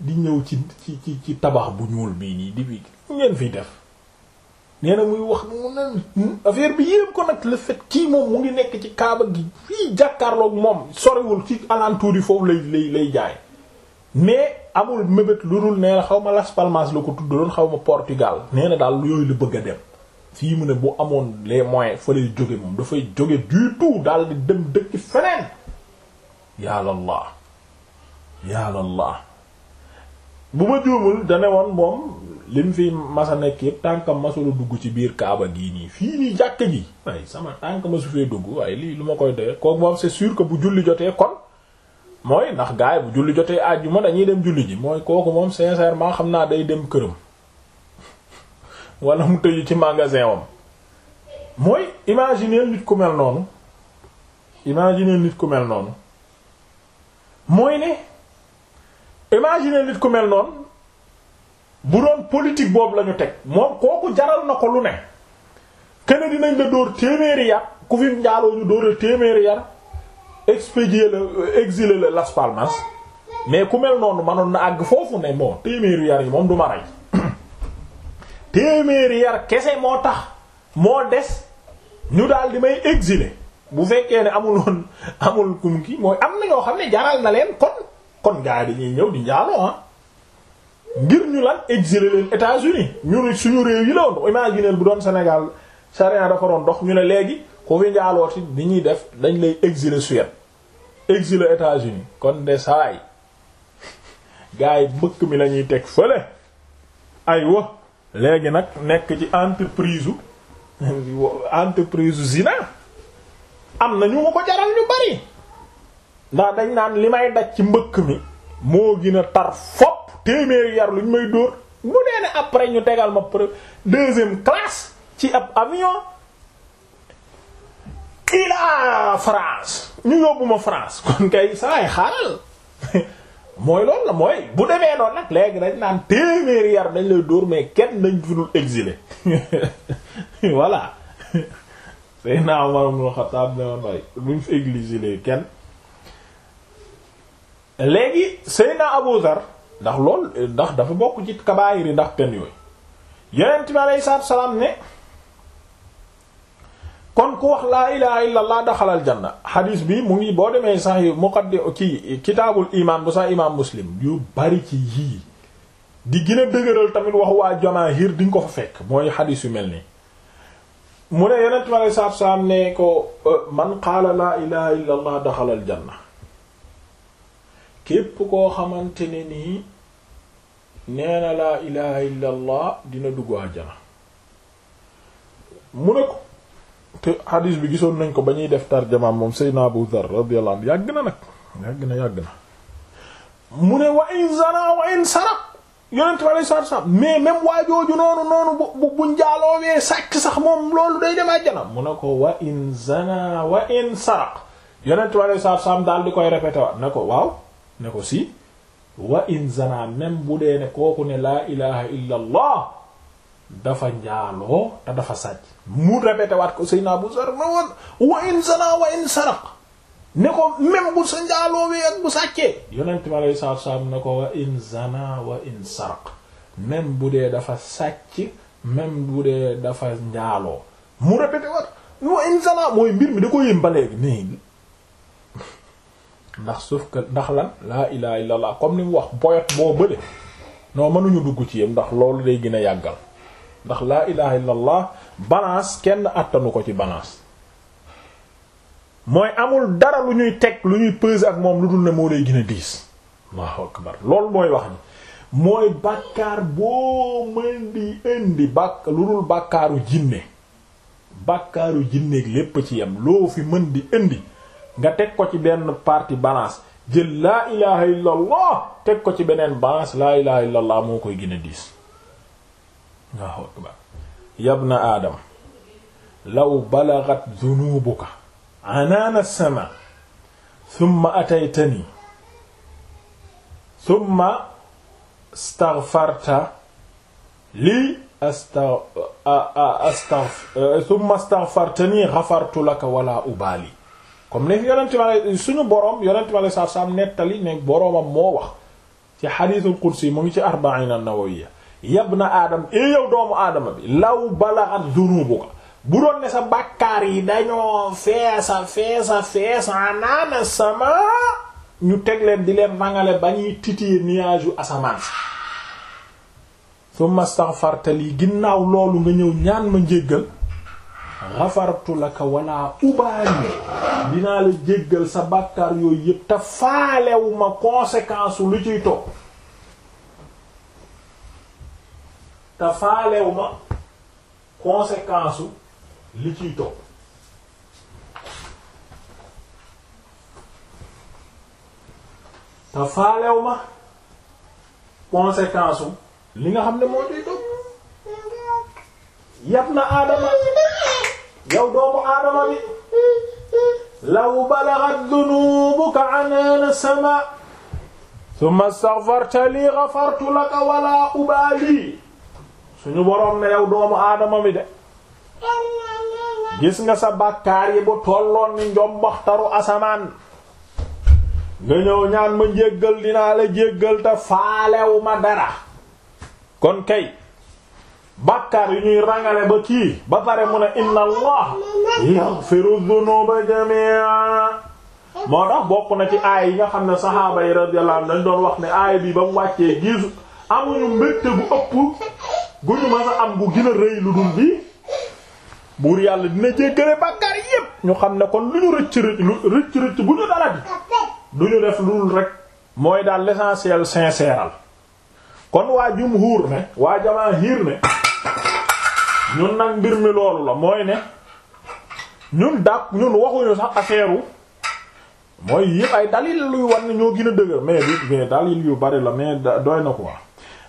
S1: di ñëw ci ci ci tabax bu ñuul bii nii di bi ngeen fiy def nee na muy wax mu ne hmm, affaire bi yépp ko nag le fait kii moom mu ngi nekk ci kaaba gi fii jàkkaarloog moom soriwul ci alentour yi foofu lay lay lay jaay mais amul mébét lu dul nee na xaw ma Las Palmas la ko tuddaloon xaw ma Portugal nee na daal yooyu la bëgg a dem fii mu ne bu amoon les moyens fa lay jóge moom dafay jóge du tout daal di dem dëkk feneen yàlla allah yàlla allah bu ma juumul da woon moom lim fi masa nekk yëpp tànkam masula dugg ci biir kaaba gii nii fii nii jàkk ji waaye sama tànk masu fee dugg waaye lii lu ma koy dee kooku moom c'est sûr que bu julli jotee kon mooy ndax gars yi bu julli jotee àjjuma dañuy dem julli ji mooy kooku moom sincèrement xam naa day dem këram (laughs) wala mu tëju ci magasin wam mooy imaginer nit ku mel noonu imaginer nit ku mel noonu mooy ne imagine nit ku mel noonu bu doon politique boobu lañu teg moom kooku jaral na ko lu ne keneen dinañ la dóor téeméeri yar ku fi njaaloo ñu dóoral téeméeri yar expédier la exiler la Las mais ku mel noonu manoon na àgg foofu ne moo téeméeri yar yi moom du ma rey (coughs) téeméeri yar kese moo tax moo des ñu daal di may exiler bu fekkee ne amul woon amul kum ki mooy am na ñoo xam ne jaral na leen kon kon gars yi dañuy ñëw di njaaloo ah ngir ñu la exile leen États-Unis ñu suñu réew yi la woon bu doon senegal charia dafa doon dox ñu ne léegi ku fi njaalooti ni ñuy def dañ lay exiler Suède exile États-Unis kon de saay gars yi mbëkk mi la ñuy teg fële aywa léegi nag nekk ci entreprise entreprise zina am na ñu ma ko jaral ñu bari ndax dañ naan li may daj ci mbëkk mi moo gën a tar fopp téeméeri yar luñ may dóor mu nee après ñu degal ma pre deuxième classe ci ab avion ila France ñu yóbbu France (laughs) kon kay saay xaaral (laughs) mooy loolu la mooy bu demee noonu nag léegi dañ naan téeméeri yar dañ lay dóor mais kenn dañ fi dul exilé (laughs) voilà Seydina Umar ibn Khattab ne woon waay luñ fi exilé kenn léegi Seyna Abu Zar ndax lool ndax dafa bokk ci kabaayir yi ndax pen yooyu yonent bi aleyhi salaam ne kon ku wax laa ilaha illa allah daxalal janna xadiis bi mu ngi boo demee sax muqaddim ci kitaabul imaan bu sax imaam muslim yu bari ci yii di gën a dëgëral tamit wax waa jamaahir di nga ko fa fekk mooy xadiis yu mel nii mu ne yonent bi aleyhi salaam ne ko man qaala laa ilaha illa allah daxalal janna képp koo xamante ne nii nee na laa ilaha illa allah dina dugg àjjana mu ne ko te hadis bi gisoon nañ ko ba ñuy def tarjamaam moom Seydina Abu Dhar radiyallahu anhu yàgg na nag yàgg na yàgg na mu ne wa in zana wa in saraq yonent bi alei satu salam mais même waajooju noonu noonu bu bu njaaloowee sàcc sax moom loolu day dem àjjana mu ne ko wa in zana wa in saraq yonent bi alei satu salam daal di koy répété wa ne ko waaw ne ko si wa in zana même bu dee ne kooku ne laa ilaha illa dafa njaaloo te dafa sàcc mu répété waat ko sëy bu sar ne ko même bu sa njaaloo wee ak bu sàccee yonent mi aleyi salatu salaam ne ko wa in zana wa in saraq même bu dee dafa sàcc même bu dee dafa njaaloo mu répété waat wa in zana mooy mbir mi da ko yëm ba léegi nii ndax suuf que ndax lan laa ilaha illallah comme ni mu wax boyot boo bële noo mënuñu dugg ci yem ndax loolu day gën a yàggal ndax laa ilaha illallah balance kenn attanu ko ci balance mooy amul dara lu ñuy teg lu ñuy peser ak moom lu dul ne moo lay gën a diis allahu loolu mooy wax ni mooy bàkkaar boo mën di indi bàkk lu dul bàkkaaru jinne bàkkaaru jinneeg lépp ci yem loo fi mën di indi nga teg ko ci benn partie balance jël laa ilaha illallah teg ko ci beneen balance laa ilaha illallah moo koy gën a diis yabna aadam law balagat zunubuka anaana sama thumma ataytani thumma staghfarta lii astaghfir thumma staghfartani ghafartu laka wala ubaali kon ne yonent ma suñu borom yonent ma saaf saaf nettali ne boromam moo wax ci xadiisul yi mu ngi ci arba'in an-nawawiyya yabna aadam ee yow doomu aadama bi law balaghat dunubuka bu doon ne sa bàkkaar yi dañoo feesa feesa feesa anaana sama ñu teg leen di leen rangale ba ñuy titiyee nuage yu asamaan summa astaghfarta lii ginnaaw loolu nga ñëw ñaan ma njéggal xafartu laka wala ubaali dinaa la jéggal sa bàkkaar yooyu yëpp te faalewu ma conséquence lu ciy topp te faalewu li ciy topp te faalewu ma li nga xam ne moo ciy topp yab na aadama yow doomu aadama bi law balagat dunuubuka anaana sama summa astaghfarta li ghafartu laka wala ubaali suñu boroom ne yow doomu aadama bi de gis nga sa bàkkaar yi bu tolloon ni njombaxtaru asamaan nga ñëw ñaan ma jéggal dinaa la jéggal faalew ma dara kon kay bàkkaar yu ñuy rangale ba kii ba pare mu ne inna allah yaghfiru dhunuba jami'a moo tax bokk na ci aay yi nga xam ne saxaaba yi radiyallahu anhum dañ doon wax ne aay bii ba mu wàccee gisu amuñu mbégte bu ëpp gu ñu mën a am gu gën rëy lu dul bi buur yàlla dina jéggale bàkkaar yépp ñu xam ne kon lu ñu rëcc rëcc bu ñu dala bi du ñu def lu dul rek mooy daal l'essentiel sincère al kon waa jumhuur ne waa jamaahiir ne ñun nag mbir mi loolu la mooy ne ñun dàq ñun waxuñu sax affaire mooy yëpp ay dalil luy wan ne ñoo gën a dëgër mais bi mais yu bari la mais doy na quoi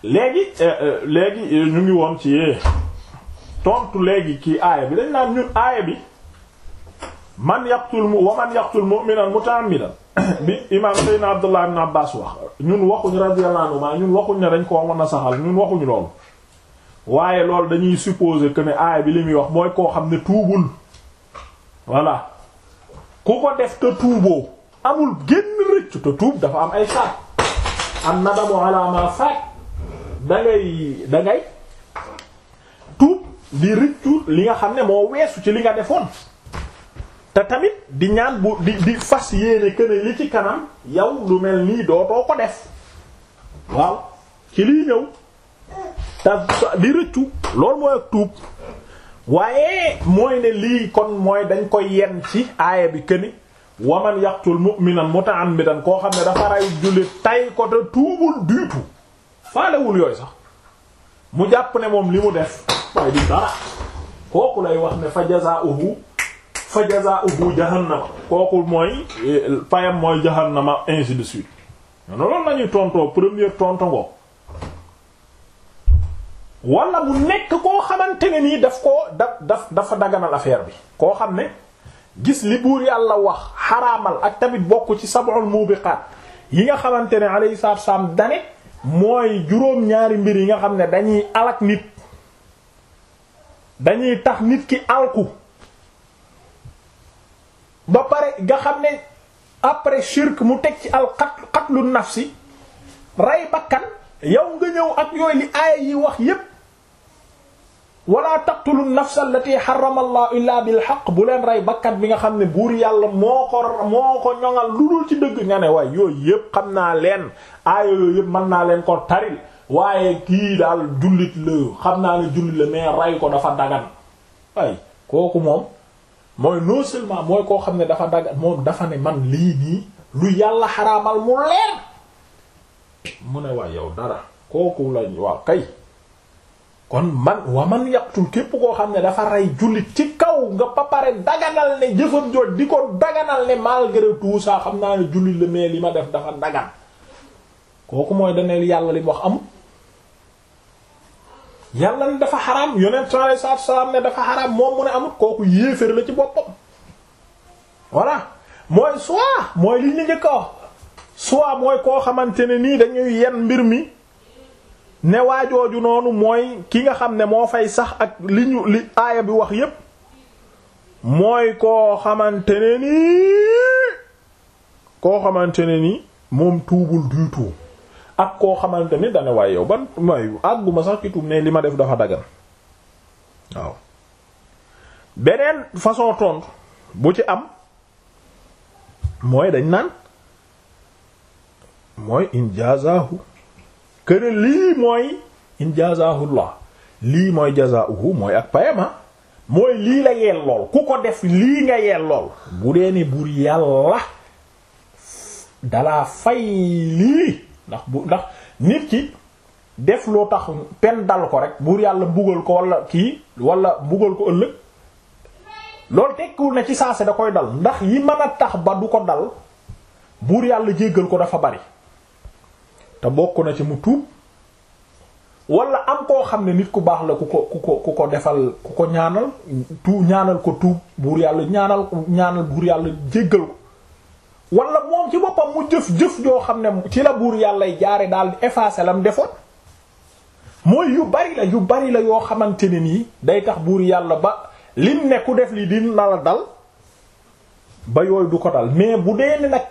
S1: léegi euh, euh, léegi euh, ñu ngi woon ci tontu léegi kii aaya bi dañ naan ñun aaya bi man yaqtul mu wa man yaqtul mu'minan muta'ammidan (coughs) bi imaam Seydina Abdullah ibn Abbas wax ñun waxuñu radiyallahu anhu ñun waxuñ ne dañ ko mën a saxal ñun waxuñu loolu waaye loolu dañuy supposer que ne aay bi li muy wax mooy koo xam ne tuubul voilà ku ko def te tuuboo amul génn rëccu te tuub dafa am ay saat am na ala ma faat da ngay da tuub di rëccu li nga xam ne moo weesu ci li nga defoon te tamit di ñaan bu di di fas yéene que ne li ci kanam yow lu mel nii dootoo ko def waaw ci liy ñëw te di rëccu loolu mooy ak tuub waaye mooy ne lii kon mooy dañ koy yenn ci aaya bi këni waman yaqtul mu'minan muta'ammidan koo xam ne dafa rey jullit tay ko te tuubul du tout faalewul yooyu sax mu jàpp ne moom li mu def mooy di dara kooku lay wax ne fa jazaa'uhu fa jazaa'uhu jahannama kooku mooy eh, payam mooy jahannama ainsi de suite noonu loolu lañuy tontoo première tontongo wala mu nekk koo xamante ne nii daf koo da daf dafa daganal bi koo xam ne gis li buur yàlla wax xaraamal ak tamit bokk ci sab'ul mubiqaat yi nga xamante ne alayhi salaatu wassalaam dane mooy juróom ñaari mbir yi nga xam ne dañuy alak nit dañuy tax nit ki alku ba pare nga xam ne après shirk mu teg ci al qatlu nafsi rey bakkan yow nga ñëw ak yooyu li aaya yi wax yépp wala taqtulu nafsa allati harrama allah illa bil haqq bu leen rey bakkat bi nga xam ne buur yàlla moo ko moo ko ñoŋal lu dul ci dëgg nga ne waay yooyu yëpp xam naa leen aaya yooyu yëpp mën naa leen ko taril waaye kii daal jullit la xam naa ne jullit la mais rey ko dafa dagan ay kooku moom mooy non seulement mooy koo xam ne dafa dagan moom dafa ne man lii nii lu yàlla xaraamal mu leer mu ne waay yow dara kooku lañ waaw kay kon man wa man yaqtul képp koo xam ne dafa rey jullit ci kaw nga ba pare daganal ne jëfam jooj di ko daganal ne malgré tout ça xam naa ne jullit la mais li ma def dafa dagan kooku mooy daneel yàlla li mu wax amul yàlla ne dafa xaraam yonent sallallahu alayhi wasallam ne dafa xaraam moom mu ne amul kooku yéeféer la ci boppam voilà mooy soit mooy li ñu njëkk a wax soit mooy koo xamante ne nii dañuy yenn mbir mi ne waajooju noonu mooy ki nga xam ne moo fay sax ak li ñu li aaya bi wax yépp mooy koo xamante ne nii koo xamante ne nii moom tuubul du tuub ak koo xamante ni dane waaye yow ban mooy àgguma sax ci tuub ne li ma def dafa dagan waaw beneen façon tontu bu ci am mooy dañ naan mooy injazaahu këne lii mooy in jazaahullah lii mooy jazaahu mooy ak payama ah, mooy lii la yeel ku ko def lii nga yeel lool bu dee ne buur yàlla dalaa fay lii ndax bu ndax nit ci def loo tax pen dal ko rek buur yàlla mbugal ko wala kii wala mbugal ko ëllëg loolu tekkiwul na ci saase da koy dal ndax yi mën a tax ba du ko dal buur yàlla jéggal ko dafa bari te bokk na ci mu tuub wala am koo xam ne nit ku baax la ku ko ku ko ku ko defal ku ko ñaanal tuub ñaanal ko tuub buur yàlla ñaanal ñaanal buur yàlla jéggal ko wala moom ci boppam mu jëf-jëf joo xam ne ci la buur yàllay jaare daal di effacer lam defoon mooy yu bari la yu bari la yoo xamante ne nii day tax buur yàlla ba lim nekku def li dina la dal ba yooyu du ko dal mais bu dee ne nag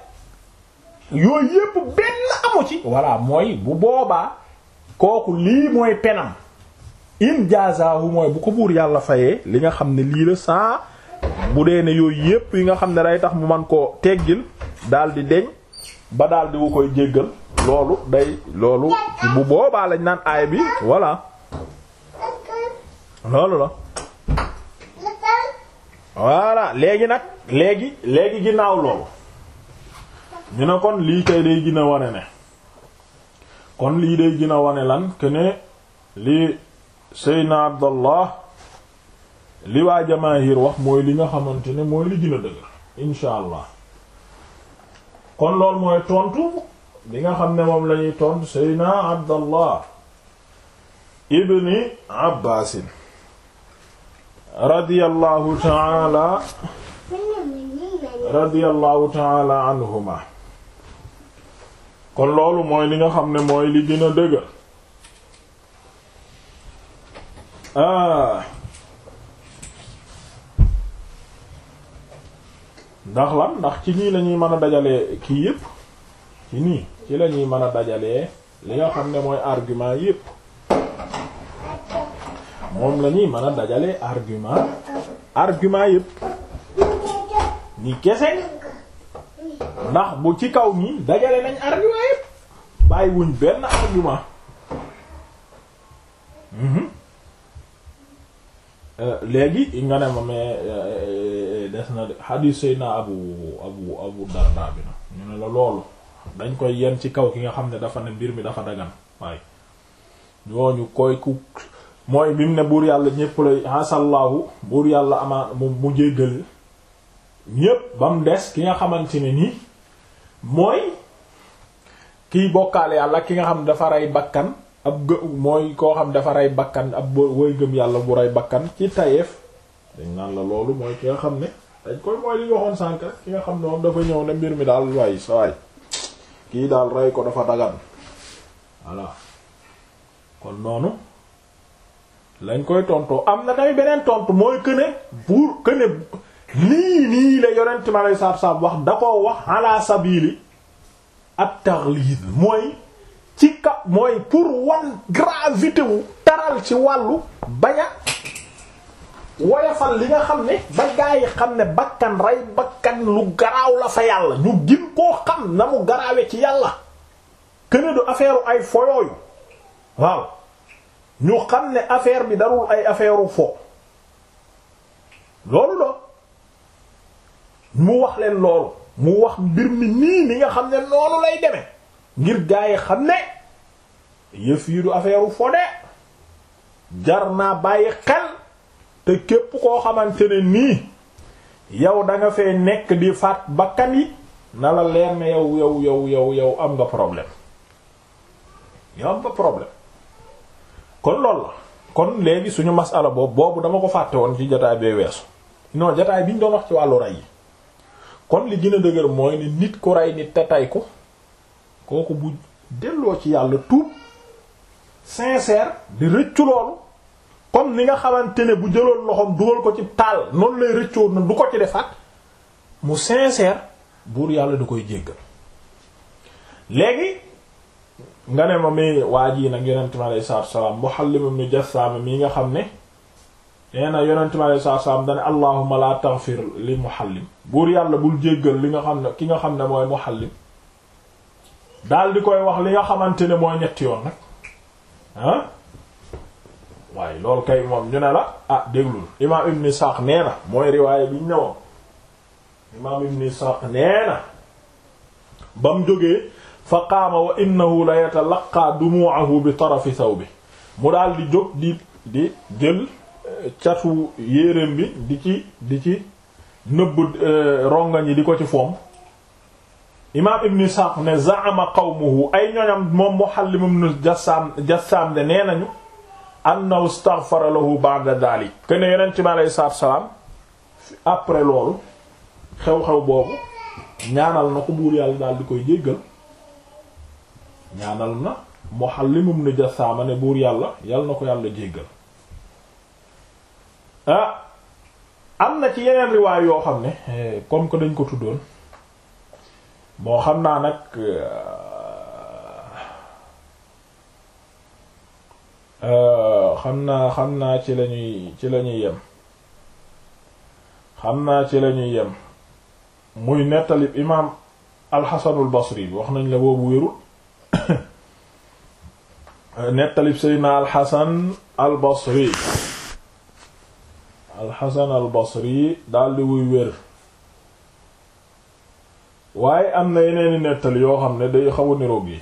S1: yooyu yépp benn amu ci voilà mooy bu boobaa kooku lii mooy penam in jazaahu mooy bu ko buur yàlla fayee li nga xam ne lii la saa bu dee ne yooyu yépp yi nga xam ne day tax mu man koo teggil daal di deñ ba daal di wu koy jéggal loolu day loolu bu boobaa lañ naan aay bi voilà loolu la voilà léegi nag léegi léegi ginnaaw loolu ñu ne kon lii kay day gën a ne kon lii day gën a lan que ne li Seydina Abdallah li waa jamaahir wax mooy li nga xamante ne mooy li gën a dëgg kon loolu mooy tontu bi nga xam ne moom lañuy ñuy tontu na Abdallah ibni Abbaasin radiyallahu taala radiyallahu taala anhuma kon loolu mooy li nga xam ne mooy li gën a dëgër ah ndax lan ndax ci nii lañuy mën a dajalee kii yëpp ci nii ci lañuy mën a dajale li nga xam ne mooy argument yëpp moom lañuy mën a dajale argument argument yépp ni kese ndax bu ci kaw nii dajale nañ argument yépp bàyyi wuñ benn argument mhm. euh, léegi nga ne ma mais euh, des na hadith naa Abu Abu Abu Darda bi na ñu ne la loolu dañ koy yenn ci kaw ki nga xam ne dafa ne mbir mi dafa dagan waaye ñooñu koy ku mooy bi mu ne buur yàlla ñépp lay asallahu buur yàlla amaa mu jéggale ñépp ba mu des ki nga xamante ne nii mooy kiy bokkaale yàlla ki nga xam dafa rey bakkan ab gë mooy koo xam dafa rey bakkan ab woy gëm yàlla bu rey bakkan ci tayeef dañ naan la loolu mooy ki nga xam ne dañ koy mooy li waxoon sànk ki nga xam ne moom dafa ñëw ne mbir mi daal waay sa kii daal rey ko dafa dagan voilà kon noonu lañ koy tontoo am na tamit beneen tontu mooy këne buur këne nii nii la yonent mi aleyhi salaatu salaam wax da koo wax ala sabili at taghliid mooy ci ka mooy pour wan gravité taral ci wàllu bañ a li nga xam ne ba gaa yi xam ne bakkan rey bakkan lu garaaw la fa yàlla ñu gin koo xam na mu garaawe ci yàlla këne du affaire ay foyooyu waaw ñu xam ne affaire bi darul ay affaire fo loolu do mu wax leen loolu mu wax mbir mi nii ni nga xam ne noonu lay demee ngir gaay xam ne yëf yi du affaire fode jar naa bàyyi xel te képp koo xamante ne nii yow da nga fee nekk di faat bakkan yi na la leer ne yow yow yow yow am nga problème yow am nga problème kon loolu la kon léegi suñu masala boobu boobu dama ko fàtte woon ci jotaay bee weesu non jotaay ñu doon wax ci wàllu rey yi kon li gën a dëgër mooy ni nit ku rey nit te tay kooku bu delloo ci yàlla tuub sincère di rëccu loolu comme ni nga xamante ne bu jëloon loxoom dugal ko ci taal noonu lay rëccoo na du ko ci defaat mu sincère buur yàlla du koy jéggal léegi nga ne ma mi waa ji nag yonent mi alayhi salaatu wa salaam Muhallim ibn Jassaam mii nga xam ne nee na yonente mi alei satu salaam dane allahuma la taghfir li muhallim buur yàlla bul jéggal li nga xam ne ki nga xam ne mooy muhallim daal di koy wax li nga xamante ne mooy ñetti yoon nag ah waaye loolu kay moom ñu ne la ah déglul imaam ibn Isaaq nee mooy riwaaye bi ne woon imaam ibn Isaaq nee na ba mu jógee fa qaama wa innahu la yatalaqaa dumu'ahu bi tarafi thawbi mu daal di jóg di di jël catu yéreem bi di ci di ci nëbb euh, rongañ yi di ko ci fomp imaam ibn Isaaq ne zaama qawmuhu ay ñoñam moom Muhallim ibn Jassaam Jassaam de nee nañu annahu istaghfara lahu ba'da daalik ken Yonent bi alayhi salaatu après loolu xew-xew boobu ñaanal na ko buur yàlla daal di koy jéggal ñaanal na Muhallim ibn Jassaam ne buur yàlla yàlla na ko yàlla jéggal Ah, am na ci yeneen riwaay yoo xam ne eh, comme que dañ ko tuddoon moo xam naa nag eh, eh, xam naa xam naa ci lañuy ci la ñuy yem xam naa ci la ñuy yem muy nettalib imaam alxasanul basri bi wax nañ la boobu wérul (coughs) nettalib seydna alxasan al alxasan al basri daldi wuy wér waaye am na yeneeni nettali yoo xam ne day xaw a niroog yi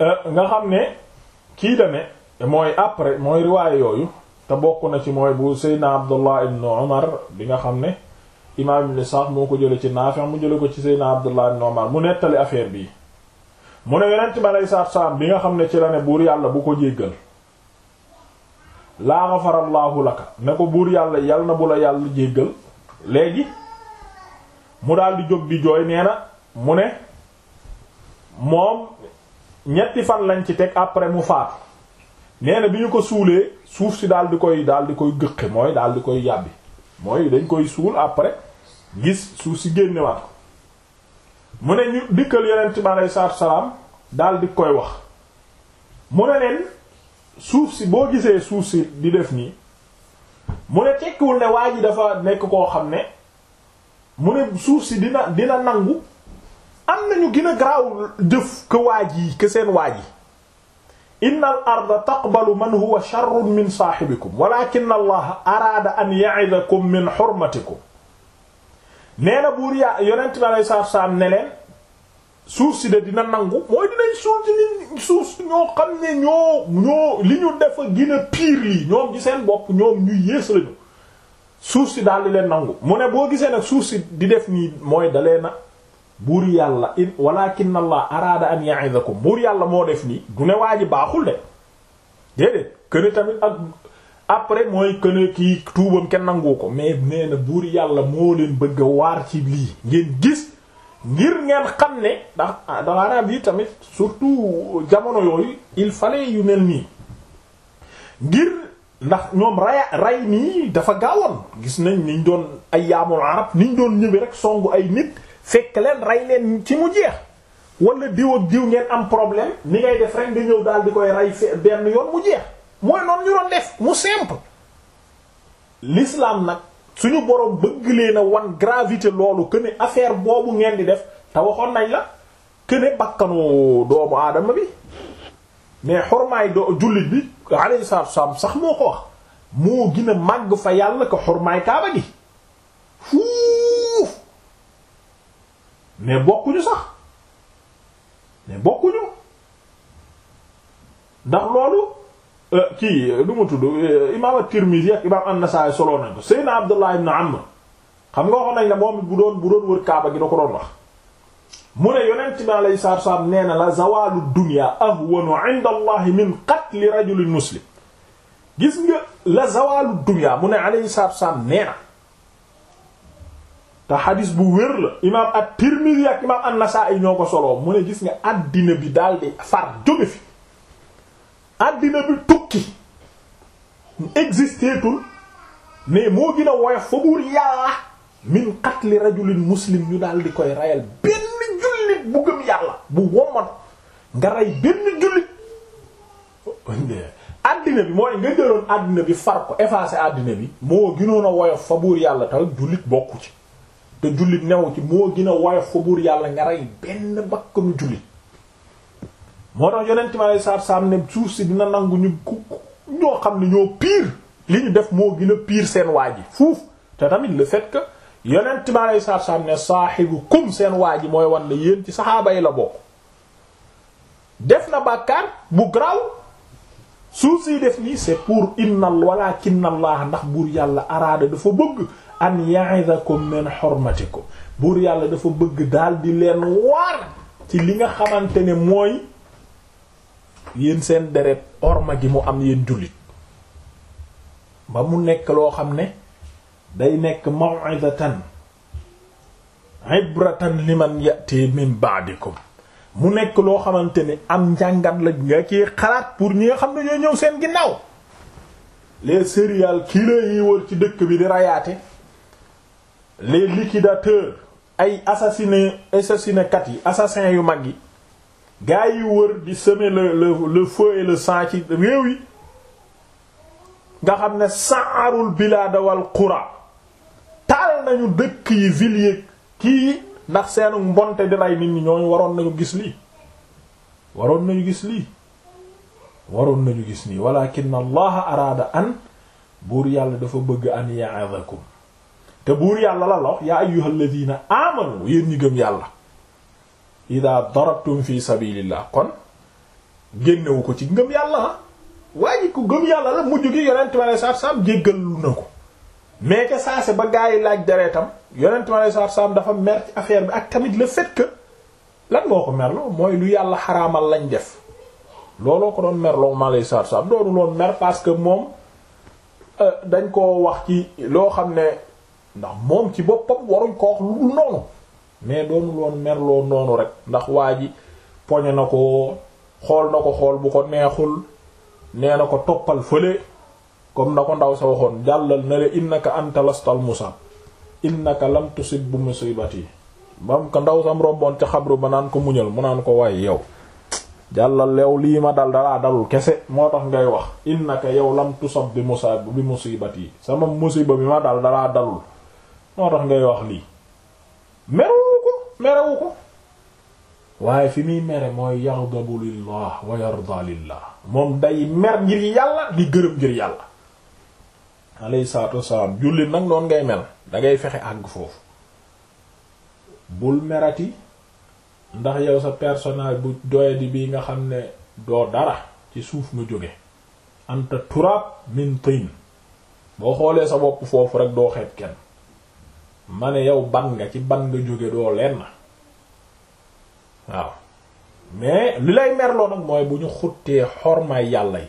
S1: eh, nga xam ne kii dane mooy après mooy riwaaye yooyu te bokk na ci mooy bu seydna abdullah ibn umar bi nga xam ne imaam ibn Isaaq moo ko jële ci Naafi mu jële ko ci seydna abdullah ibn umar mu nettali affaire bii mu ne yonent bi aleyhi salaatu bi nga xam ne ci la ne buur yàlla bu ko jéggal laa xafarallaahu laka ne ko buur yàlla yàlla na bu la yàlla jéggal léegi mu daldi jóg di jooy nee na mu ne moom ñetti fan lañ ci teg après mu faatu nee na bi ñu ko suulee suuf si daal di koy daal di koy gëqe mooy daal di koy yàbbi mooy dañ koy suul après gis suuf si génnewaat ko mu ne ñu dikkal yonent bi aleyhi salaam daal koy wax mu ne leen suuf si boo gisee suuf si di def nii mu ne tekkiwul ne waa ji dafa nekk koo xam ne mu ne suuf si dina dina nangu am nañu gën a garaaw jëf que waa ji que seen waa ji inna al arda taqbalu man huwa sharrun min saahibikum walakin allah araada an ya'idakum min hurmatikum nee na buur yaa yonent bi alei ne leen suuf si de dina nangu mooy dinañ suuf si suuf ñoo xam ne ñoo ñoo li ñu def gën a pire lii ñoom ci seen bopp ñoom ñu yées lañu suuf si daal di leen nangu mu ne boo gisee nag suuf si di def nii mooy dalee na buur yàlla in walakin allah araada an ko buur yàlla moo def nii du ne waa baaxul de déedéet këne tamit ak après mooy këne kii tuubam kenn nangu ko mais nee na buur yàlla moo leen bëgg a waar ci lii ngeen gis ngir ngeen xam ne ndax ah, dans yi tamit surtout jamono yooyu il fallait yu mel nii ngir ndax ñoom raya ray nii dafa gaawoon gis nañ niñ doon ay yaamul arab niñ doon ñëwee rek songu ay nit fekk leen ray leen ci mu jeex wala diw ak diw ngeen am problème ni ngay def rek di ñëw daal di koy rey benn yoon mu jeex mooy noonu ñu doon def mu simple l'islam nag suñu borom bëgg leen a wan gravité loolu que ne affaire boobu ngeen di def te waxoon nañ la que bakkanu doomu aadama bi mais xormaay doo jullit bi alayhi salaatu wassalaam sax moo ko wax moo gën a màgg fa yàlla ko xormaay kaaba gi fuuf mais bokkuñu sax mais bokkuñu ndax loolu. Euh, kii du euh, ma tudd euh, imaam at-Tirmidhi ak imaam an-Nasa'i solo nañ ko Abdullah ibn Amr xam nga waxoon nañ la moom bu bu doon wër Kaaba gi da ko doon wax mu ne yonent bi alayhi salaatu wassalaam nee na la zawaalu dunya ahwanu gis nga la zawaalu mu ne alayhi salaatu wassalaam nee na te xadis bu wér la imaam at-Tirmidhi ak imaam an-Nasa'i ñoo ko soloo mu ne gis nga àddina bi daal di far jóge àddina bi tukki existeetul mais moo gën a woyof fa buur yàlla min qatli rajulin muslim ñu daal di koy reyal benn jullit bu gëm yàlla bu wommat nga rey benn jullit àddina bi mooy nga jëloon àddina bi far ko effacer àddina bi moo gënoon a woyof fa buur yàlla tal jullit bokku ci te jullit newu ci moo gën a woyof fa buur yàlla nga rey benn bakkanu jullit moo tax yonent mi alayhi salaatu salaam ne suuf si dina nangu ñu ñoo xam ne ñoo pire li ñu def moo gën piir pire seen waa ji fuuf te tamit le fait que yonent yu alayhi salaatu salaam ne saahibukum seen waa mooy wan ne yéen ci saxaaba yi la bokk def na bàkkaar bu graw suuf siy def nii c'est pour innal walakinna allah ndax buur yàlla araada dafa bëgg an ya'idakum min hurmatikum buur yàlla dafa bëgg daal di leen waar ci li nga xamante ne mooy yéen seen deret orma gi mu am yéen jullit ba mu nekk loo xam ne day nekk maw'izatan ibratan liman yati di ko mu nekk loo xamante ni am njàngat la nga ci xalaat pour ñi nga xam ne ñoo ñëw seen ginnaw les serial killers yi wër ci dëkk bi di rayaate les liquidateurs ay assassinés assassinés yi asasin yu mag yi gaa yi wër di semer le le le feu sang ci réew yi nga xam ne saarul bilaada wal qura taal nañu dëkk yi ville kii ndax seenu mbonte di rey nit ñi ñooñu waroon nañu gis lii waroon nañu gis lii waroon nañu gis nii walakin allah araada an buur yàlla dafa bëgg an ya'azakum te buur yàlla la lox yaa ayyuhalladhina amanu yéen ñi gëm yàlla ida darabtum fi sabilillah kon génnewu ko ci ngëm yàlla na ah. waa ji ku ngëm yàlla la mujj gi yonent mi alei satu salaam jéggalu na ko mais ca saase ba gaa yi laaj deretam yonent mi alei satu salaam dafa mer ci affaire bi ak tamit la fait lan moo ko merloo mooy lu yàlla xaraamal lañ def looloo ko doon mer loo ma alei satu salaam doonu loon mer parce que moom euh, dañ koo wax ci loo xam ne ndax moom ci bopp waruñ ko wax lu dul noonu mais doonul woon merloo noonu rek ndax waa ji poñe na ko xool na ko xool bu ko neexul nee na ko toppal fële comme na ko ndaw sa waxoon jàllal na le innaka anta lastal musab innaka lam tusib bu yi bam ko ndaw sam romboon ca xabru ba naan ko muñal mu naan ko waay yow jàllal yow lii ma dal dalaa dalul kese moo tax ngay wax innaka yow lam tusab bi musa bi musibati sama musiba bi ma dal dalaa dalul moo tax ngay wax lii merul merewu waaye fi muy mere mooy yardabu lillah wa yarda lillah moom day mer ngir yàlla di gërëm ngir yàlla alayhi salaatu wassalaam jullit nag noonu ngay mel dangay fexe àgg foofu bul merati ndax yow sa personnage bu doyadi bi nga xam ne doo dara ci suuf mu jóge anta turab min boo xoolee sa bopp foofu rek doo xeeb kenn ma ne yow ban nga ci ban nga jóge doo leen waaw mais li lay merloo nag mooy bu ñu xuttee xormaay yàlla yi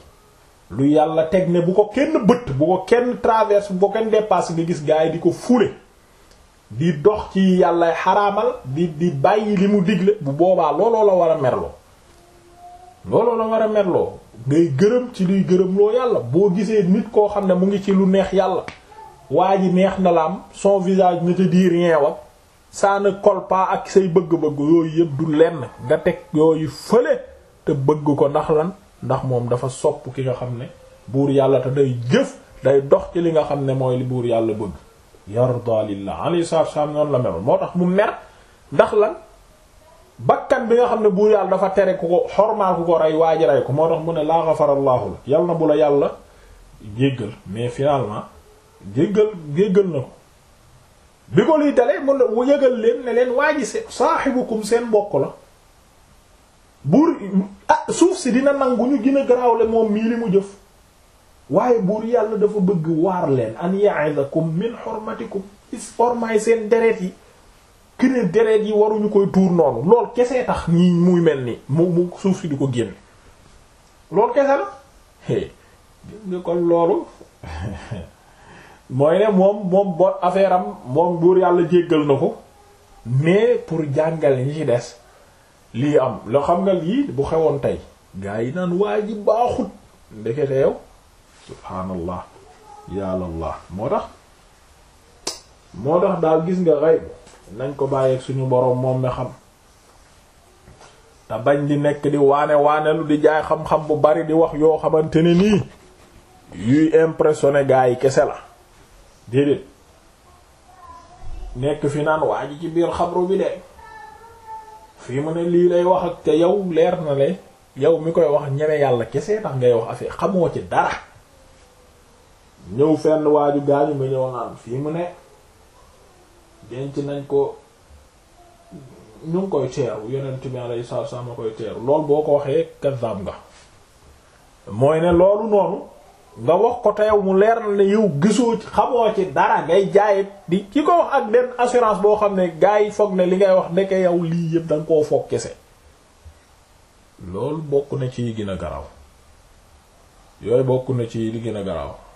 S1: lu yàlla teg ne bu ko kenn bët bu ko kenn traverse bu ko kenn dépasse nga gis gaa yi di ko fule di dox ci yàlla xaraamal di di bàyyi li mu digle bu boobaa looloo la war a merloo looloo la war a merloo ngay gërëm ci luy gërëm loo yàlla boo gisee nit koo xam ne mu ngi ci lu neex yàlla waa ji neex na la am son visage ne ci dit rien wa ça ne colle pas ak say bëgg-bëgg yooyu yëpp du lenn nga teg yooyu fële te bëgg ko ndax lan ndax moom dafa sopp ki nga xam ne buur yàlla te day jëf day dox ci li nga xam ne mooy li buur yàlla bëgg yarda lillah alayhi salaatu wassalaam noonu la mel moo tax mu mer ndax lan bakkan bi nga xam ne buur yàlla dafa tere ku ko xormaal ku ko rey waa ji rey ko moo tax mu ne laa xafarallaahu la yàlla na bu la yàlla jéggal mais jéggal jéggal na ko bi ko luy dalee mun na yëgal leen ne leen waa ji saaxibukum seen mbokk la buur ah suuf si dina nangu ñu gën a garaawle moom mii li mu jëf waaye buur yàlla dafa bëgg waar leen an ya'izakum min hurmatikum is ormaay seen deret yi kene deret yi waruñu koy tuur noonu lool kese tax nii muy mel ni mu mu suuf si di ko génn loolu kese la gis nga kon loolu (laughs) mooy ne moom moom bo affaire am moom buur yàlla jéggal na ko mais pour jàngale ñi ci des lii am loo xam nga lii bu xewoon tey gaa yi naan waa ji baaxut ndekete yow subhaanallah yàllallah moo tax moo tax daal gis nga xay nañ ko bàyyeeg suñu boroom moom mi xam te bañ di nekk di waane waanelu di jaay xam-xam bu bari di wax yoo xamante ni nii yuy impressionné gaa yi kese la déedéet nekk fi naan waa ci biir xabru bi de fii mu ne lii lay wax ak te yow leer na le yow mi koy wax ñeme yàlla kese tax ngay wax affaire xamoo ci dara ñëw fenn waaju gaañu nga ñëw naan fii mu ne denc nañ ko ñu koy teeru yonent bi alayhi salaatu wa ma koy teeru loolu boo ko waxee kazzab nga mooy ne loolu noonu nga wax ko te yow mu leer na la yow gisoo xamoo ci dara ngay jaayit di ki ko wax ak benn assurance boo xam ne gars yi foog ne li ngay wax ndeke yow lii yëpp danga koo foog kese loolu bokk na ci yi gën a garaw yooyu bokk na ci li gën a garaw